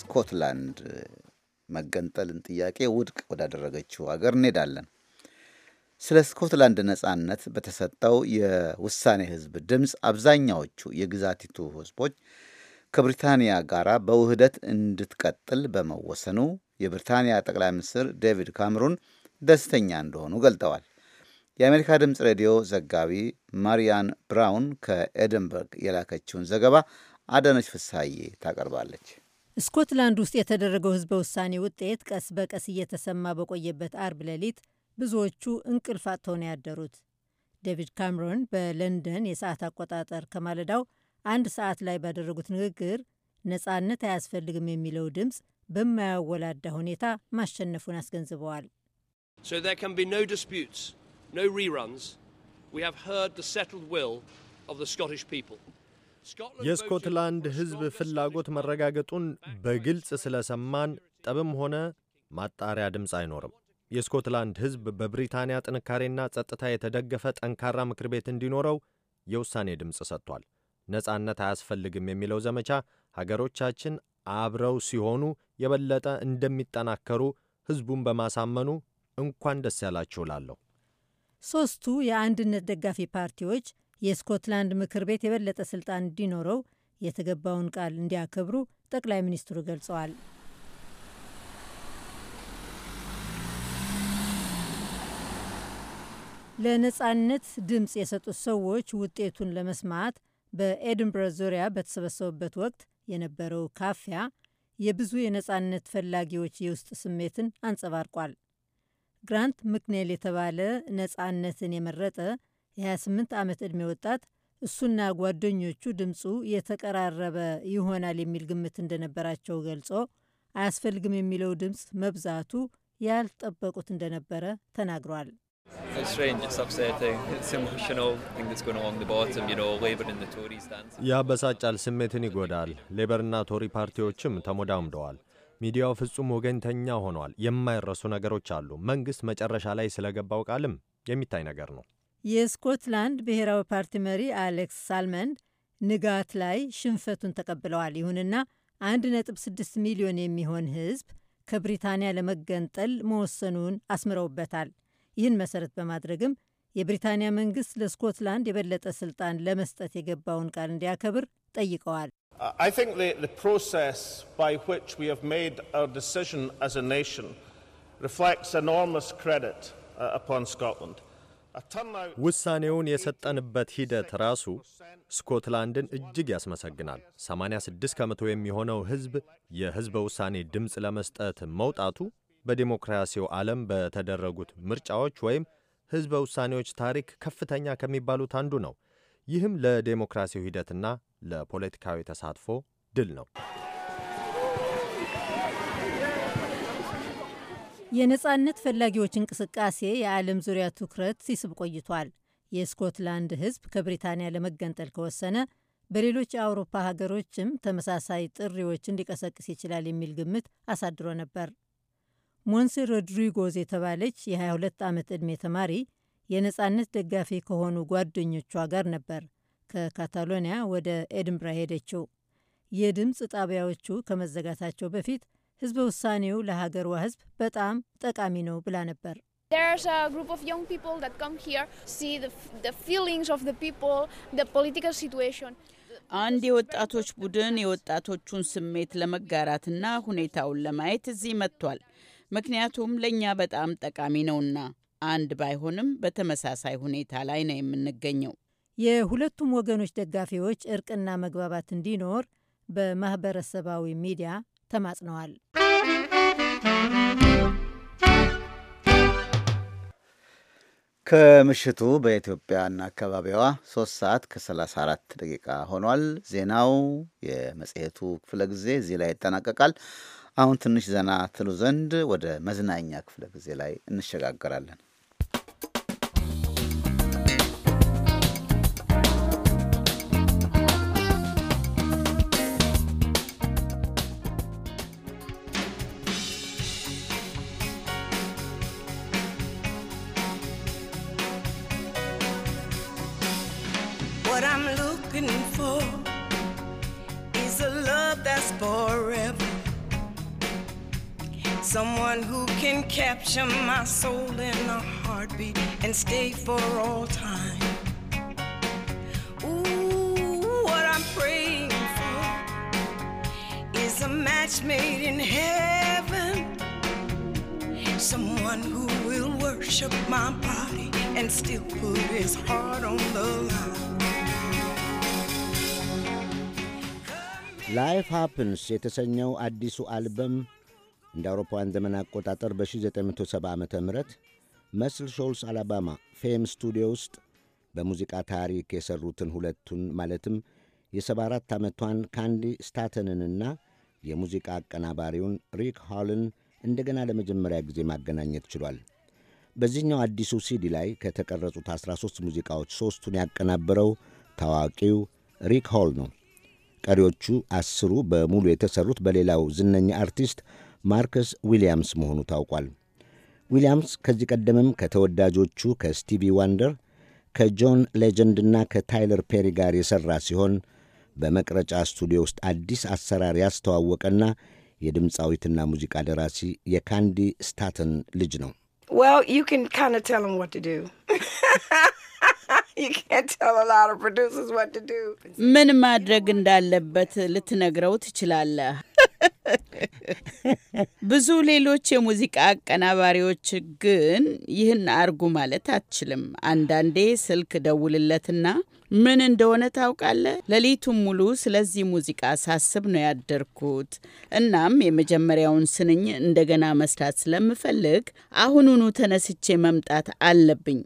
Speaker 3: ስኮትላንድ መገንጠልን ጥያቄ ውድቅ ወዳደረገችው አገር እንሄዳለን። ስለ ስኮትላንድ ነጻነት በተሰጠው የውሳኔ ህዝብ ድምፅ አብዛኛዎቹ የግዛቲቱ ህዝቦች ከብሪታንያ ጋር በውህደት እንድትቀጥል በመወሰኑ የብሪታንያ ጠቅላይ ሚኒስትር ዴቪድ ካምሩን ደስተኛ እንደሆኑ ገልጠዋል። የአሜሪካ ድምፅ ሬዲዮ ዘጋቢ ማሪያን ብራውን ከኤድንበርግ የላከችውን ዘገባ አዳነች ፍሳዬ ታቀርባለች።
Speaker 11: ስኮትላንድ ውስጥ የተደረገው ህዝበ ውሳኔ ውጤት ቀስ በቀስ እየተሰማ በቆየበት አርብ ሌሊት ብዙዎቹ እንቅልፍ አጥተው ነው ያደሩት። ዴቪድ ካምሮን በለንደን የሰዓት አቆጣጠር ከማለዳው አንድ ሰዓት ላይ ባደረጉት ንግግር ነጻነት አያስፈልግም የሚለው ድምፅ በማያወላዳ ሁኔታ ማሸነፉን አስገንዝበዋል። የስኮትላንድ
Speaker 5: ሕዝብ ፍላጎት መረጋገጡን በግልጽ ስለሰማን ጠብም ሆነ ማጣሪያ ድምፅ አይኖርም። የስኮትላንድ ሕዝብ በብሪታንያ ጥንካሬና ጸጥታ የተደገፈ ጠንካራ ምክር ቤት እንዲኖረው የውሳኔ ድምፅ ሰጥቷል። ነጻነት አያስፈልግም የሚለው ዘመቻ ሀገሮቻችን አብረው ሲሆኑ የበለጠ እንደሚጠናከሩ ሕዝቡን በማሳመኑ እንኳን ደስ ያላችሁ እላለሁ።
Speaker 11: ሦስቱ የአንድነት ደጋፊ ፓርቲዎች የስኮትላንድ ምክር ቤት የበለጠ ስልጣን እንዲኖረው የተገባውን ቃል እንዲያከብሩ ጠቅላይ ሚኒስትሩ ገልጸዋል። ለነጻነት ድምፅ የሰጡት ሰዎች ውጤቱን ለመስማት በኤድንበረ ዙሪያ በተሰበሰቡበት ወቅት የነበረው ካፊያ የብዙ የነጻነት ፈላጊዎች የውስጥ ስሜትን አንጸባርቋል። ግራንት ምክኔል የተባለ ነጻነትን የመረጠ የ28 ዓመት ዕድሜ ወጣት እሱና ጓደኞቹ ድምፁ የተቀራረበ ይሆናል የሚል ግምት እንደነበራቸው ገልጾ አያስፈልግም የሚለው ድምፅ መብዛቱ ያልጠበቁት እንደነበረ ተናግሯል።
Speaker 5: ያበሳጫል፣ ስሜትን ይጎዳል። ሌበርና ቶሪ ፓርቲዎችም ተሞዳምደዋል። ሚዲያው ፍጹም ወገኝተኛ ሆኗል። የማይረሱ ነገሮች አሉ። መንግሥት መጨረሻ ላይ ስለገባው ቃልም የሚታይ ነገር ነው።
Speaker 11: የስኮትላንድ ብሔራዊ ፓርቲ መሪ አሌክስ ሳልመንድ ንጋት ላይ ሽንፈቱን ተቀብለዋል። ይሁንና 1.6 ሚሊዮን የሚሆን ሕዝብ ከብሪታንያ ለመገንጠል መወሰኑን አስምረውበታል። ይህን መሰረት በማድረግም የብሪታንያ መንግስት ለስኮትላንድ የበለጠ ስልጣን ለመስጠት የገባውን ቃል እንዲያከብር ጠይቀዋል።
Speaker 2: ፕሮሰስ
Speaker 5: ውሳኔውን የሰጠንበት ሂደት ራሱ ስኮትላንድን እጅግ ያስመሰግናል። 86 ከመቶ የሚሆነው ሕዝብ የሕዝበ ውሳኔ ድምፅ ለመስጠት መውጣቱ በዲሞክራሲው ዓለም በተደረጉት ምርጫዎች ወይም ሕዝበ ውሳኔዎች ታሪክ ከፍተኛ ከሚባሉት አንዱ ነው። ይህም ለዴሞክራሲው ሂደትና ለፖለቲካዊ ተሳትፎ ድል ነው።
Speaker 11: የነጻነት ፈላጊዎች እንቅስቃሴ የዓለም ዙሪያ ትኩረት ሲስብ ቆይቷል። የስኮትላንድ ሕዝብ ከብሪታንያ ለመገንጠል ከወሰነ በሌሎች የአውሮፓ ሀገሮችም ተመሳሳይ ጥሪዎች እንዲቀሰቅስ ይችላል የሚል ግምት አሳድሮ ነበር። ሞንስ ሮድሪጎዝ የተባለች የ22 ዓመት ዕድሜ ተማሪ የነጻነት ደጋፊ ከሆኑ ጓደኞቿ ጋር ነበር ከካታሎኒያ ወደ ኤድንብራ ሄደችው። የድምፅ ጣቢያዎቹ ከመዘጋታቸው በፊት ህዝበ ውሳኔው ለሀገሯ ህዝብ በጣም ጠቃሚ ነው ብላ ነበር።
Speaker 10: አንድ የወጣቶች ቡድን የወጣቶቹን ስሜት ለመጋራትና ሁኔታውን ለማየት እዚህ መጥቷል። ምክንያቱም ለእኛ በጣም ጠቃሚ ነውና፣ አንድ ባይሆንም በተመሳሳይ ሁኔታ ላይ ነው የምንገኘው።
Speaker 11: የሁለቱም ወገኖች ደጋፊዎች እርቅና መግባባት እንዲኖር በማህበረሰባዊ ሚዲያ ተማጽነዋል።
Speaker 3: ከምሽቱ በኢትዮጵያና አካባቢዋ 3 ሰዓት ከ34 ደቂቃ ሆኗል። ዜናው የመጽሔቱ ክፍለ ጊዜ እዚህ ላይ ይጠናቀቃል። አሁን ትንሽ ዘና ትሉ ዘንድ ወደ መዝናኛ ክፍለ ጊዜ ላይ እንሸጋገራለን።
Speaker 9: ላይፍ ሃፕንስ የተሰኘው አዲሱ አልበም እንደ አውሮፓውያን ዘመን አቆጣጠር በ1970 ዓ ም መስል ሾልስ አላባማ ፌም ስቱዲዮ ውስጥ በሙዚቃ ታሪክ የሠሩትን ሁለቱን ማለትም የ74 ዓመቷን ካንዲ ስታተንንና የሙዚቃ አቀናባሪውን ሪክ ሃልን እንደገና ለመጀመሪያ ጊዜ ማገናኘት ችሏል። በዚህኛው አዲሱ ሲዲ ላይ ከተቀረጹት 13 ሙዚቃዎች ሦስቱን ያቀናበረው ታዋቂው ሪክ ሆል ነው። ቀሪዎቹ አስሩ በሙሉ የተሠሩት በሌላው ዝነኛ አርቲስት ማርከስ ዊሊያምስ መሆኑ ታውቋል። ዊሊያምስ ከዚህ ቀደምም ከተወዳጆቹ ከስቲቪ ዋንደር፣ ከጆን ሌጀንድና ከታይለር ፔሪ ጋር የሠራ ሲሆን በመቅረጫ ስቱዲዮ ውስጥ አዲስ አሰራር ያስተዋወቀና የድምፃዊትና ሙዚቃ ደራሲ የካንዲ ስታትን ልጅ ነው።
Speaker 10: ምን ማድረግ እንዳለበት ልትነግረው ትችላለህ። ብዙ ሌሎች የሙዚቃ አቀናባሪዎች ግን ይህን አርጉ ማለት አትችልም። አንዳንዴ ስልክ ደውልለትና ምን እንደሆነ ታውቃለ ሌሊቱን ሙሉ ስለዚህ ሙዚቃ ሳስብ ነው ያደርኩት። እናም የመጀመሪያውን ስንኝ እንደገና መስራት ስለምፈልግ አሁኑኑ ተነስቼ መምጣት አለብኝ፣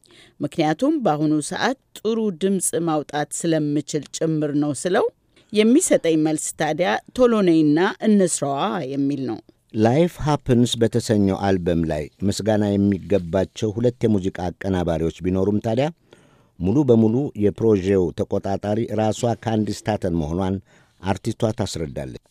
Speaker 10: ምክንያቱም በአሁኑ ሰዓት ጥሩ ድምፅ ማውጣት ስለምችል ጭምር ነው ስለው የሚሰጠኝ መልስ ታዲያ ቶሎ ነይና እንስራዋ የሚል ነው።
Speaker 9: ላይፍ ሃፕንስ በተሰኘው አልበም ላይ ምስጋና የሚገባቸው ሁለት የሙዚቃ አቀናባሪዎች ቢኖሩም ታዲያ ሙሉ በሙሉ የፕሮዤው ተቆጣጣሪ ራሷ ካንዲስ መሆኗን አርቲስቷ
Speaker 10: ታስረዳለች።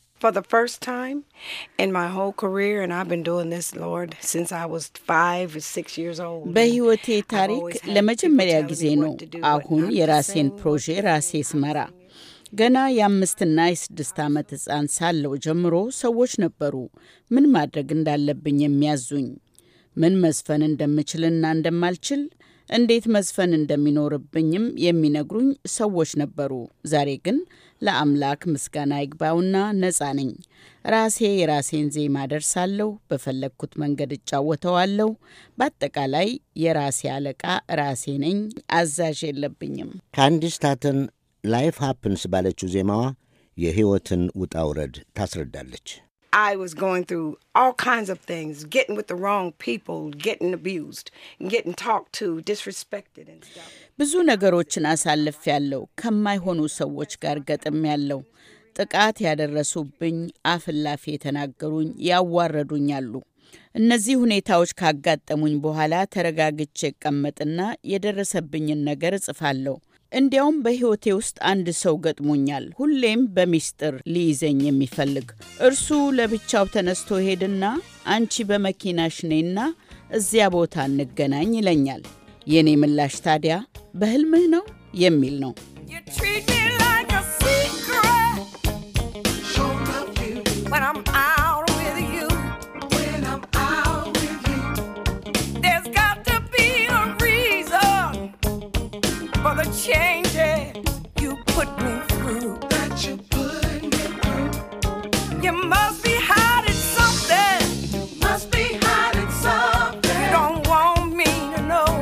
Speaker 10: በህይወቴ ታሪክ ለመጀመሪያ ጊዜ ነው አሁን የራሴን ፕሮጄ ራሴ ስመራ። ገና የአምስትና የስድስት ዓመት ሕፃን ሳለው ጀምሮ ሰዎች ነበሩ ምን ማድረግ እንዳለብኝ የሚያዙኝ ምን መዝፈን እንደምችልና እንደማልችል እንዴት መዝፈን እንደሚኖርብኝም የሚነግሩኝ ሰዎች ነበሩ። ዛሬ ግን ለአምላክ ምስጋና ይግባውና ነጻ ነኝ። ራሴ የራሴን ዜማ ደርሳለሁ፣ በፈለግኩት መንገድ እጫወተዋለሁ። በአጠቃላይ የራሴ አለቃ ራሴ ነኝ፣ አዛዥ የለብኝም።
Speaker 9: ካንዲስ ስታትን ላይፍ ሃፕንስ ባለችው ዜማዋ የሕይወትን ውጣ ውረድ ታስረዳለች።
Speaker 6: I was going through all kinds of things, getting with the wrong people, getting abused, getting talked to, disrespected and stuff.
Speaker 10: ብዙ ነገሮችን አሳልፍ ያለው ከማይሆኑ ሰዎች ጋር ገጥም ያለው ጥቃት ያደረሱብኝ፣ አፍላፊ የተናገሩኝ፣ ያዋረዱኝ አሉ። እነዚህ ሁኔታዎች ካጋጠሙኝ በኋላ ተረጋግቼ እቀመጥና የደረሰብኝን ነገር እጽፋለሁ። እንዲያውም በሕይወቴ ውስጥ አንድ ሰው ገጥሞኛል፣ ሁሌም በሚስጥር ሊይዘኝ የሚፈልግ እርሱ ለብቻው ተነስቶ ሄድና አንቺ በመኪናሽ ነይና እዚያ ቦታ እንገናኝ ይለኛል። የእኔ ምላሽ ታዲያ በሕልምህ ነው የሚል ነው።
Speaker 6: when I'm out. you put me through. you put me through. You must be hiding something. must be hiding something. You don't want me to know.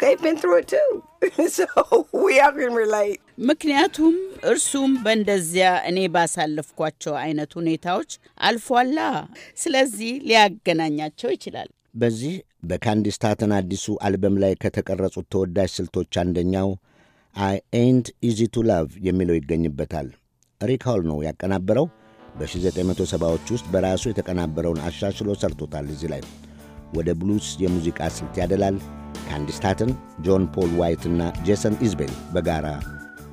Speaker 10: They've been through it too. so we all can relate. ምክንያቱም እርሱም በእንደዚያ እኔ ባሳለፍኳቸው አይነት ሁኔታዎች አልፏላ። ስለዚህ ሊያገናኛቸው ይችላል።
Speaker 9: በዚህ በካንዲስታትን አዲሱ አልበም ላይ ከተቀረጹት ተወዳጅ ስልቶች አንደኛው አይ ኤንት ኢዚ ቱ ላቭ የሚለው ይገኝበታል። ሪክ ሆል ነው ያቀናበረው። በ1970ዎች ውስጥ በራሱ የተቀናበረውን አሻሽሎ ሰርቶታል። እዚህ ላይ ወደ ብሉስ የሙዚቃ ስልት ያደላል። ካንዲስታትን፣ ጆን ፖል ዋይት እና ጄሰን ኢዝቤል በጋራ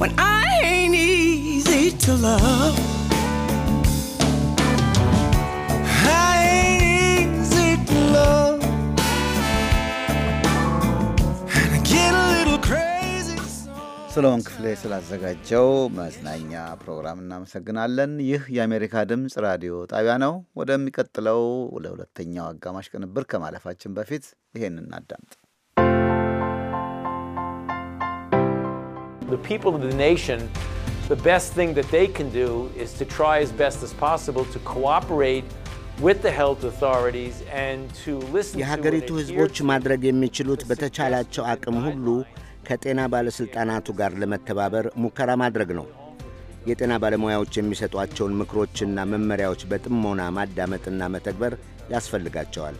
Speaker 6: when I ain't easy to love.
Speaker 2: I
Speaker 3: ክፍሌ ስላዘጋጀው መዝናኛ ፕሮግራም እናመሰግናለን። ይህ የአሜሪካ ድምፅ ራዲዮ ጣቢያ ነው። ወደሚቀጥለው ለሁለተኛው አጋማሽ ቅንብር ከማለፋችን በፊት ይሄን እናዳምጥ።
Speaker 12: The people
Speaker 1: of the nation, the best thing that they can do is to try as best as possible to cooperate የሀገሪቱ ሕዝቦች
Speaker 9: ማድረግ የሚችሉት በተቻላቸው አቅም ሁሉ ከጤና ባለሥልጣናቱ ጋር ለመተባበር ሙከራ ማድረግ ነው። የጤና ባለሙያዎች የሚሰጧቸውን ምክሮችና መመሪያዎች በጥሞና ማዳመጥና መተግበር ያስፈልጋቸዋል።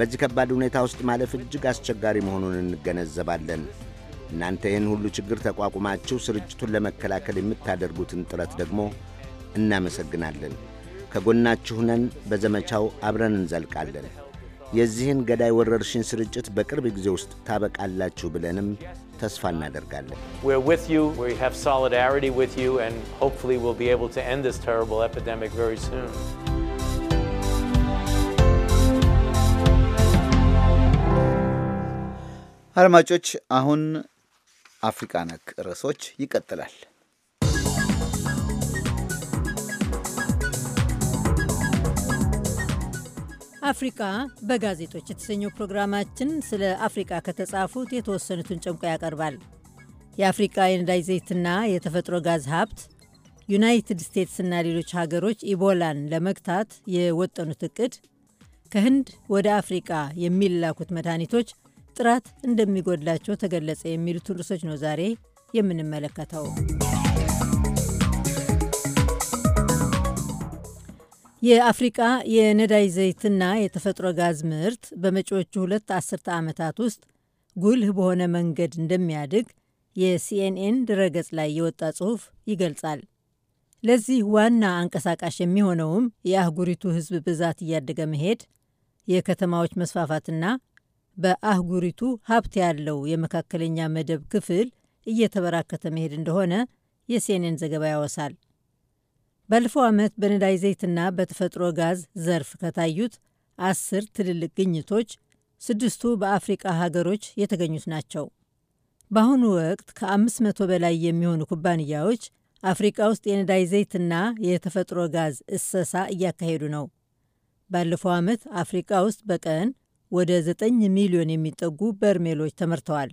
Speaker 9: በዚህ ከባድ ሁኔታ ውስጥ ማለፍ እጅግ አስቸጋሪ መሆኑን እንገነዘባለን። እናንተ ይህን ሁሉ ችግር ተቋቁማችሁ ስርጭቱን ለመከላከል የምታደርጉትን ጥረት ደግሞ እናመሰግናለን። ከጎናችሁ ነን። በዘመቻው አብረን እንዘልቃለን። የዚህን ገዳይ ወረርሽኝ ስርጭት በቅርብ ጊዜ ውስጥ ታበቃላችሁ ብለንም ተስፋ እናደርጋለን።
Speaker 3: አድማጮች አሁን አፍሪካ ነክ ርዕሶች ይቀጥላል።
Speaker 11: አፍሪካ በጋዜጦች የተሰኘው ፕሮግራማችን ስለ አፍሪካ ከተጻፉት የተወሰኑትን ጨምቆ ያቀርባል። የአፍሪቃ የነዳጅ ዘይትና የተፈጥሮ ጋዝ ሀብት፣ ዩናይትድ ስቴትስና ሌሎች ሀገሮች ኢቦላን ለመግታት የወጠኑት እቅድ፣ ከህንድ ወደ አፍሪቃ የሚላኩት መድኃኒቶች ጥራት እንደሚጎድላቸው ተገለጸ የሚሉትን ርዕሶች ነው ዛሬ የምንመለከተው። የአፍሪቃ የነዳጅ ዘይትና የተፈጥሮ ጋዝ ምርት በመጪዎቹ ሁለት አስርተ ዓመታት ውስጥ ጉልህ በሆነ መንገድ እንደሚያድግ የሲኤንኤን ድረገጽ ላይ የወጣ ጽሑፍ ይገልጻል። ለዚህ ዋና አንቀሳቃሽ የሚሆነውም የአህጉሪቱ ሕዝብ ብዛት እያደገ መሄድ፣ የከተማዎች መስፋፋትና በአህጉሪቱ ሀብት ያለው የመካከለኛ መደብ ክፍል እየተበራከተ መሄድ እንደሆነ የሲኤንኤን ዘገባ ያወሳል። ባለፈው ዓመት በነዳጅ ዘይትና በተፈጥሮ ጋዝ ዘርፍ ከታዩት አስር ትልልቅ ግኝቶች ስድስቱ በአፍሪቃ ሀገሮች የተገኙት ናቸው። በአሁኑ ወቅት ከ500 በላይ የሚሆኑ ኩባንያዎች አፍሪቃ ውስጥ የነዳጅ ዘይትና የተፈጥሮ ጋዝ እሰሳ እያካሄዱ ነው። ባለፈው ዓመት አፍሪቃ ውስጥ በቀን ወደ 9 ሚሊዮን የሚጠጉ በርሜሎች ተመርተዋል።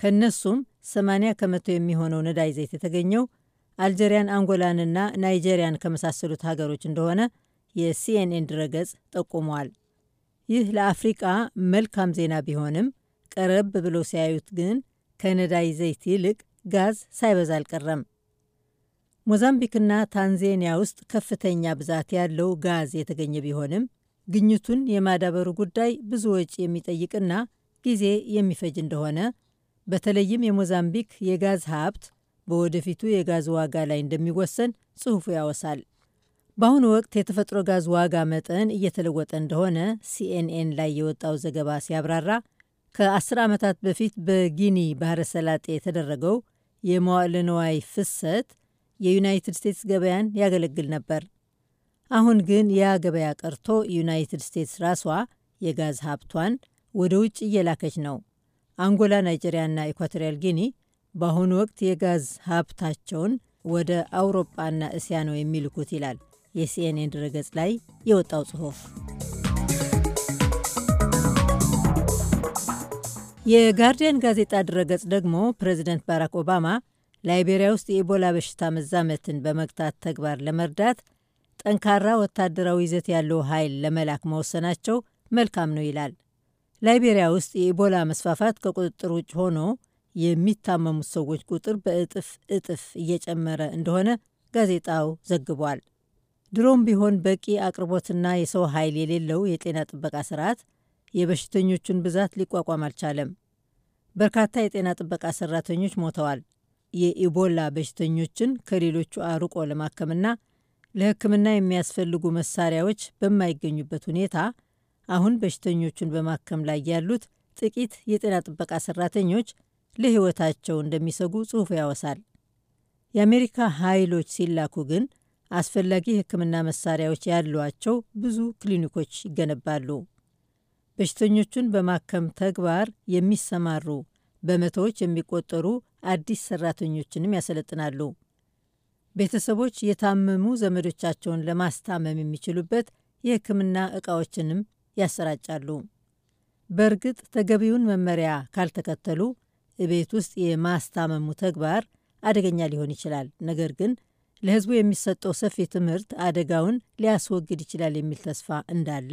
Speaker 11: ከእነሱም 80 ከመቶ የሚሆነው ነዳጅ ዘይት የተገኘው አልጄሪያን፣ አንጎላንና ናይጄሪያን ከመሳሰሉት ሀገሮች እንደሆነ የሲኤንኤን ድረገጽ ጠቁመዋል። ይህ ለአፍሪቃ መልካም ዜና ቢሆንም ቀረብ ብለው ሲያዩት ግን ከነዳጅ ዘይት ይልቅ ጋዝ ሳይበዛ አልቀረም። ሞዛምቢክና ታንዜኒያ ውስጥ ከፍተኛ ብዛት ያለው ጋዝ የተገኘ ቢሆንም ግኝቱን የማዳበሩ ጉዳይ ብዙ ወጪ የሚጠይቅና ጊዜ የሚፈጅ እንደሆነ በተለይም የሞዛምቢክ የጋዝ ሀብት በወደፊቱ የጋዝ ዋጋ ላይ እንደሚወሰን ጽሑፉ ያወሳል። በአሁኑ ወቅት የተፈጥሮ ጋዝ ዋጋ መጠን እየተለወጠ እንደሆነ ሲኤንኤን ላይ የወጣው ዘገባ ሲያብራራ ከ10 ዓመታት በፊት በጊኒ ባህረ ሰላጤ የተደረገው የመዋዕለ ንዋይ ፍሰት የዩናይትድ ስቴትስ ገበያን ያገለግል ነበር። አሁን ግን ያ ገበያ ቀርቶ ዩናይትድ ስቴትስ ራሷ የጋዝ ሀብቷን ወደ ውጭ እየላከች ነው። አንጎላ፣ ናይጄሪያና ኢኳቶሪያል ጊኒ በአሁኑ ወቅት የጋዝ ሀብታቸውን ወደ አውሮጳና እስያ ነው የሚልኩት ይላል የሲኤንኤን ድረገጽ ላይ የወጣው ጽሑፍ። የጋርዲያን ጋዜጣ ድረገጽ ደግሞ ፕሬዚደንት ባራክ ኦባማ ላይቤሪያ ውስጥ የኢቦላ በሽታ መዛመትን በመግታት ተግባር ለመርዳት ጠንካራ ወታደራዊ ይዘት ያለው ኃይል ለመላክ መወሰናቸው መልካም ነው ይላል። ላይቤሪያ ውስጥ የኢቦላ መስፋፋት ከቁጥጥር ውጭ ሆኖ የሚታመሙት ሰዎች ቁጥር በእጥፍ እጥፍ እየጨመረ እንደሆነ ጋዜጣው ዘግቧል። ድሮም ቢሆን በቂ አቅርቦትና የሰው ኃይል የሌለው የጤና ጥበቃ ስርዓት የበሽተኞቹን ብዛት ሊቋቋም አልቻለም። በርካታ የጤና ጥበቃ ሰራተኞች ሞተዋል። የኢቦላ በሽተኞችን ከሌሎቹ አርቆ ለማከምና ለሕክምና የሚያስፈልጉ መሳሪያዎች በማይገኙበት ሁኔታ አሁን በሽተኞቹን በማከም ላይ ያሉት ጥቂት የጤና ጥበቃ ሰራተኞች ለሕይወታቸው እንደሚሰጉ ጽሑፉ ያወሳል። የአሜሪካ ኃይሎች ሲላኩ ግን አስፈላጊ የሕክምና መሳሪያዎች ያሏቸው ብዙ ክሊኒኮች ይገነባሉ። በሽተኞቹን በማከም ተግባር የሚሰማሩ በመቶዎች የሚቆጠሩ አዲስ ሰራተኞችንም ያሰለጥናሉ። ቤተሰቦች የታመሙ ዘመዶቻቸውን ለማስታመም የሚችሉበት የሕክምና ዕቃዎችንም ያሰራጫሉ። በእርግጥ ተገቢውን መመሪያ ካልተከተሉ እቤት ውስጥ የማስታመሙ ተግባር አደገኛ ሊሆን ይችላል። ነገር ግን ለሕዝቡ የሚሰጠው ሰፊ ትምህርት አደጋውን ሊያስወግድ ይችላል የሚል ተስፋ እንዳለ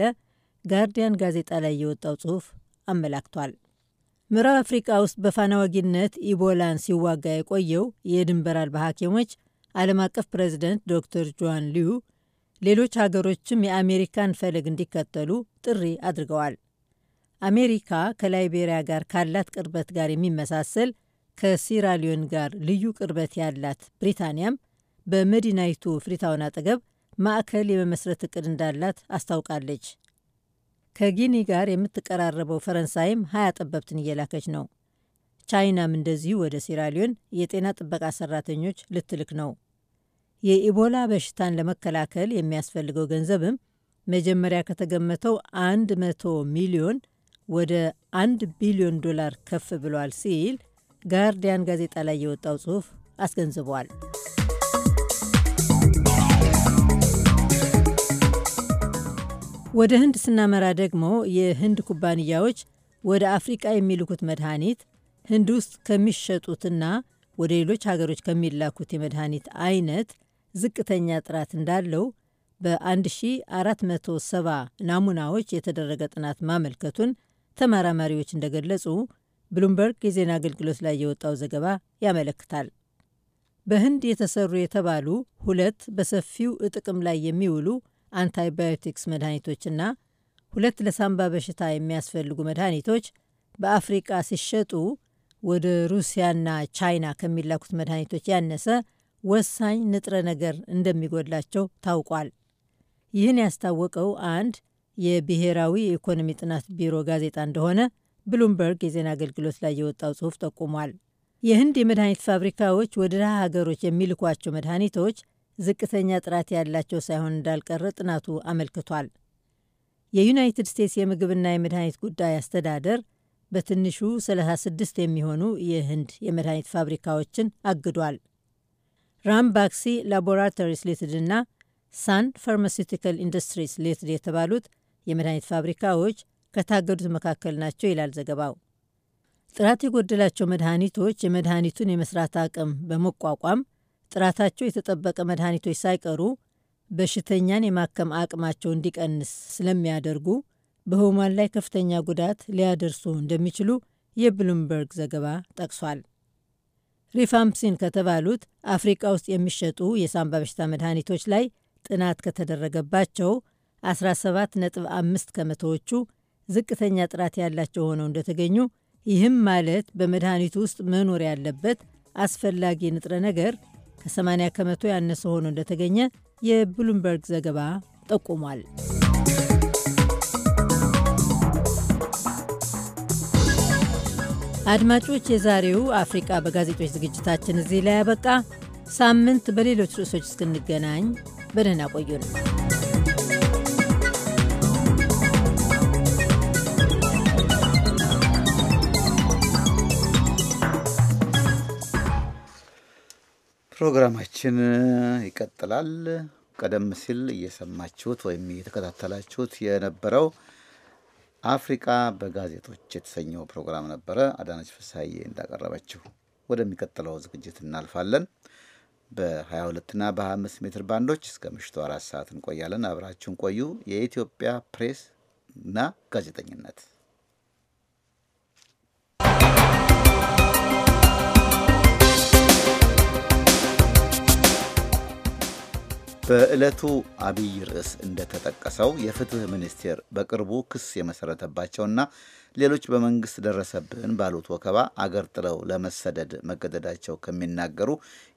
Speaker 11: ጋርዲያን ጋዜጣ ላይ የወጣው ጽሑፍ አመላክቷል። ምዕራብ አፍሪቃ ውስጥ በፋናወጊነት ኢቦላን ሲዋጋ የቆየው የድንበር አልባ ሐኪሞች ዓለም አቀፍ ፕሬዚደንት ዶክተር ጆን ሊዩ ሌሎች ሀገሮችም የአሜሪካን ፈለግ እንዲከተሉ ጥሪ አድርገዋል። አሜሪካ ከላይቤሪያ ጋር ካላት ቅርበት ጋር የሚመሳሰል ከሲራሊዮን ጋር ልዩ ቅርበት ያላት ብሪታንያም በመዲናይቱ ፍሪታውን አጠገብ ማዕከል የመመስረት እቅድ እንዳላት አስታውቃለች። ከጊኒ ጋር የምትቀራረበው ፈረንሳይም ሀያ ጠበብትን እየላከች ነው። ቻይናም እንደዚሁ ወደ ሲራሊዮን የጤና ጥበቃ ሰራተኞች ልትልክ ነው። የኢቦላ በሽታን ለመከላከል የሚያስፈልገው ገንዘብም መጀመሪያ ከተገመተው 100 ሚሊዮን ወደ 1 ቢሊዮን ዶላር ከፍ ብሏል ሲል ጋርዲያን ጋዜጣ ላይ የወጣው ጽሑፍ አስገንዝቧል። ወደ ህንድ ስናመራ ደግሞ የህንድ ኩባንያዎች ወደ አፍሪቃ የሚልኩት መድኃኒት ህንድ ውስጥ ከሚሸጡትና ወደ ሌሎች ሀገሮች ከሚላኩት የመድኃኒት አይነት ዝቅተኛ ጥራት እንዳለው በ1470 ናሙናዎች የተደረገ ጥናት ማመልከቱን ተመራማሪዎች እንደገለጹ ብሉምበርግ የዜና አገልግሎት ላይ የወጣው ዘገባ ያመለክታል። በህንድ የተሰሩ የተባሉ ሁለት በሰፊው ጥቅም ላይ የሚውሉ አንታይባዮቲክስ መድኃኒቶችና ሁለት ለሳምባ በሽታ የሚያስፈልጉ መድኃኒቶች በአፍሪቃ ሲሸጡ ወደ ሩሲያና ቻይና ከሚላኩት መድኃኒቶች ያነሰ ወሳኝ ንጥረ ነገር እንደሚጎድላቸው ታውቋል። ይህን ያስታወቀው አንድ የብሔራዊ የኢኮኖሚ ጥናት ቢሮ ጋዜጣ እንደሆነ ብሉምበርግ የዜና አገልግሎት ላይ የወጣው ጽሑፍ ጠቁሟል። የህንድ የመድኃኒት ፋብሪካዎች ወደ ድሃ ሀገሮች የሚልኳቸው መድኃኒቶች ዝቅተኛ ጥራት ያላቸው ሳይሆን እንዳልቀረ ጥናቱ አመልክቷል። የዩናይትድ ስቴትስ የምግብና የመድኃኒት ጉዳይ አስተዳደር በትንሹ 36 የሚሆኑ የህንድ የመድኃኒት ፋብሪካዎችን አግዷል። ራምባክሲ ላቦራቶሪስ ሊትድ እና ሳን ፋርማሲቲካል ኢንዱስትሪስ ሊትድ የተባሉት የመድኃኒት ፋብሪካዎች ከታገዱት መካከል ናቸው ይላል ዘገባው። ጥራት የጎደላቸው መድኃኒቶች የመድኃኒቱን የመስራት አቅም በመቋቋም ጥራታቸው የተጠበቀ መድኃኒቶች ሳይቀሩ በሽተኛን የማከም አቅማቸው እንዲቀንስ ስለሚያደርጉ በህሙማን ላይ ከፍተኛ ጉዳት ሊያደርሱ እንደሚችሉ የብሉምበርግ ዘገባ ጠቅሷል። ሪፋምፕሲን ከተባሉት አፍሪቃ ውስጥ የሚሸጡ የሳምባ በሽታ መድኃኒቶች ላይ ጥናት ከተደረገባቸው 17.5 ከመቶዎቹ ዝቅተኛ ጥራት ያላቸው ሆነው እንደተገኙ፣ ይህም ማለት በመድኃኒቱ ውስጥ መኖር ያለበት አስፈላጊ ንጥረ ነገር ከ80 ከመቶ ያነሰ ሆኖ እንደተገኘ የብሉምበርግ ዘገባ ጠቁሟል። አድማጮች፣ የዛሬው አፍሪቃ በጋዜጦች ዝግጅታችን እዚህ ላይ ያበቃ። ሳምንት በሌሎች ርዕሶች እስክንገናኝ በደህና ቆዩ ነው።
Speaker 3: ፕሮግራማችን ይቀጥላል። ቀደም ሲል እየሰማችሁት ወይም እየተከታተላችሁት የነበረው አፍሪቃ በጋዜጦች የተሰኘው ፕሮግራም ነበረ። አዳነች ፍሳዬ እንዳቀረበችው ወደሚቀጥለው ዝግጅት እናልፋለን። በ22ና በ25 ሜትር ባንዶች እስከ ምሽቱ አራት ሰዓት እንቆያለን። አብራችሁን ቆዩ። የኢትዮጵያ ፕሬስ እና ጋዜጠኝነት በዕለቱ አብይ ርዕስ እንደተጠቀሰው የፍትህ ሚኒስቴር በቅርቡ ክስ የመሰረተባቸውና ሌሎች በመንግስት ደረሰብን ባሉት ወከባ አገር ጥለው ለመሰደድ መገደዳቸው ከሚናገሩ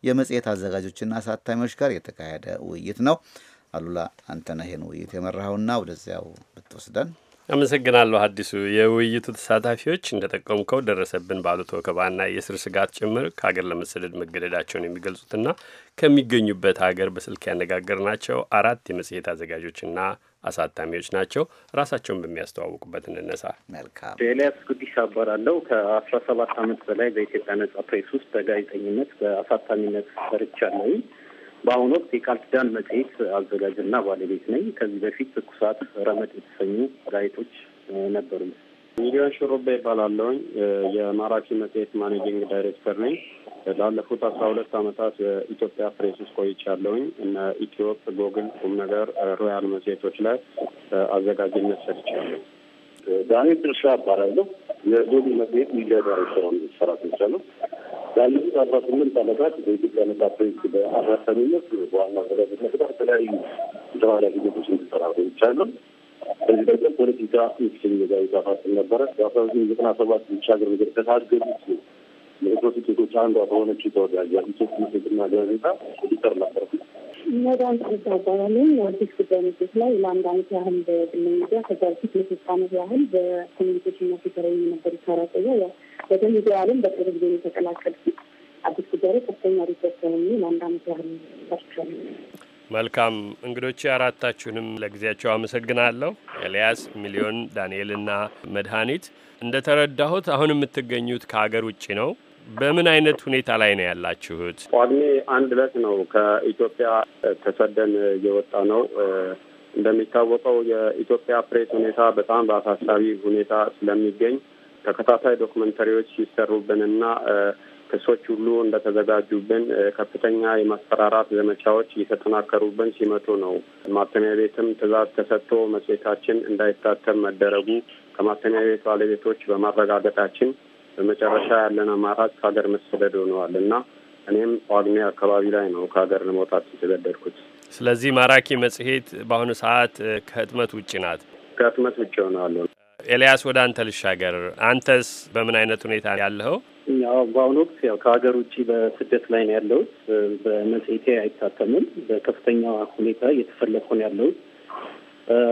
Speaker 3: የመጽሔት አዘጋጆችና አሳታሚዎች ጋር የተካሄደ ውይይት ነው። አሉላ አንተነህን ውይይት የመራኸውና ወደዚያው ብትወስደን
Speaker 1: አመሰግናለሁ አዲሱ። የውይይቱ ተሳታፊዎች እንደጠቀሙከው ደረሰብን ባሉት ወከባና የእስር ስጋት ጭምር ከሀገር ለመሰደድ መገደዳቸውን የሚገልጹትና ከሚገኙበት ሀገር በስልክ ያነጋገር ናቸው አራት የመጽሔት አዘጋጆችና አሳታሚዎች ናቸው። ራሳቸውን በሚያስተዋውቁበት እንነሳ። መልካም
Speaker 12: ኤልያስ ጉዲሳ አባራለው ከአስራ ሰባት አመት በላይ በኢትዮጵያ ነጻ ፕሬስ ውስጥ በጋዜጠኝነት በአሳታሚነት ሰርቻለሁ። በአሁኑ ወቅት የቃል ኪዳን መጽሔት አዘጋጅና ባለቤት ነኝ። ከዚህ በፊት ትኩሳት፣ ረመድ የተሰኙ ጋዜጦች ነበሩ። ሚሊዮን ሽሩባ
Speaker 7: ይባላለውኝ የማራኪ መጽሔት ማኔጂንግ ዳይሬክተር ነኝ። ላለፉት አስራ ሁለት ዓመታት በኢትዮጵያ ፕሬስ ውስጥ ቆይቻለሁኝ። እነ ኢትዮፕ፣ ጎግል፣ ቁም ነገር፣ ሮያል
Speaker 12: መጽሔቶች ላይ አዘጋጅነት ሰርቻለሁ። ዳንኤል ድርሻ እባላለሁ። የጎግል መጽሔት ሚዲያ ዳይሬክተር ሰራ ነው። ላለፉት አርባ ስምንት ዓመታት በኢትዮጵያ ነጻ ፕሬስ በአራሰኝነት በዋና አዘጋጅነት ጋር የተለያዩ ተባላፊነቶች እንዲሰራ ቆይቻለሁ። በዚህ ደግሞ ፖለቲካ የተሰኘ ጋዜጣ ነበረ በአስራ ዘጠኝ ዘጠና ሰባት ብቻ ሀገር ነገር ከታገዱት የህትመት ውጤቶች አንዷ በሆነች ተወዳጅ ኢትዮጵ መጽሔትና ጋዜጣ ኤዲተር ነበር።
Speaker 13: እነዳን ተባባለን የአዲስ ጉዳይ መጽሔት ላይ ለአንድ አመት ያህል በሚዲያ ሚዲያ ከዛ በፊት ለሶስት አመት ያህል በኮሚኒኬሽን ማሴተሪ የነበር ነበር ያው ወደ ሚዲያ አለም በቅርብ ጊዜ የተቀላቀልኩት አዲስ ጉዳይ ላይ ከፍተኛ ሪፖርት ሆኜ ለአንድ አመት ያህል ሰርቻለሁ።
Speaker 1: መልካም እንግዶቼ፣ አራታችሁንም ለጊዜያቸው አመሰግናለሁ። ኤልያስ፣ ሚሊዮን፣ ዳንኤልና መድኃኒት። እንደተረዳሁት አሁን የምትገኙት ከሀገር ውጭ ነው። በምን አይነት ሁኔታ ላይ ነው ያላችሁት?
Speaker 7: ቋድሜ አንድ ዕለት ነው ከኢትዮጵያ ተሰደን የወጣ ነው። እንደሚታወቀው የኢትዮጵያ ፕሬስ ሁኔታ በጣም በአሳሳቢ ሁኔታ ስለሚገኝ ተከታታይ ዶክመንተሪዎች ሲሰሩብንና ክሶች ሁሉ እንደተዘጋጁብን ከፍተኛ የማስፈራራት ዘመቻዎች እየተጠናከሩብን ሲመጡ ነው። ማተሚያ ቤትም ትዕዛዝ ተሰጥቶ መጽሔታችን እንዳይታተም መደረጉ ከማተሚያ ቤት ባለቤቶች በማረጋገጣችን በመጨረሻ ያለን አማራጭ ከሀገር መሰደድ ሆነዋል እና እኔም ጳጉሜ አካባቢ ላይ ነው ከሀገር ለመውጣት የተገደድኩት።
Speaker 1: ስለዚህ ማራኪ መጽሔት በአሁኑ ሰዓት ከህትመት ውጭ ናት። ከህትመት ውጭ ሆነዋለሁ። ኤልያስ ወደ አንተ ልሻገር። አንተስ በምን አይነት ሁኔታ ያለኸው?
Speaker 12: በአሁኑ ወቅት ያው ከሀገር ውጭ በስደት ላይ ነው ያለሁት። በመጽሔቴ አይታተምም። በከፍተኛ ሁኔታ እየተፈለኩ ነው ያለሁት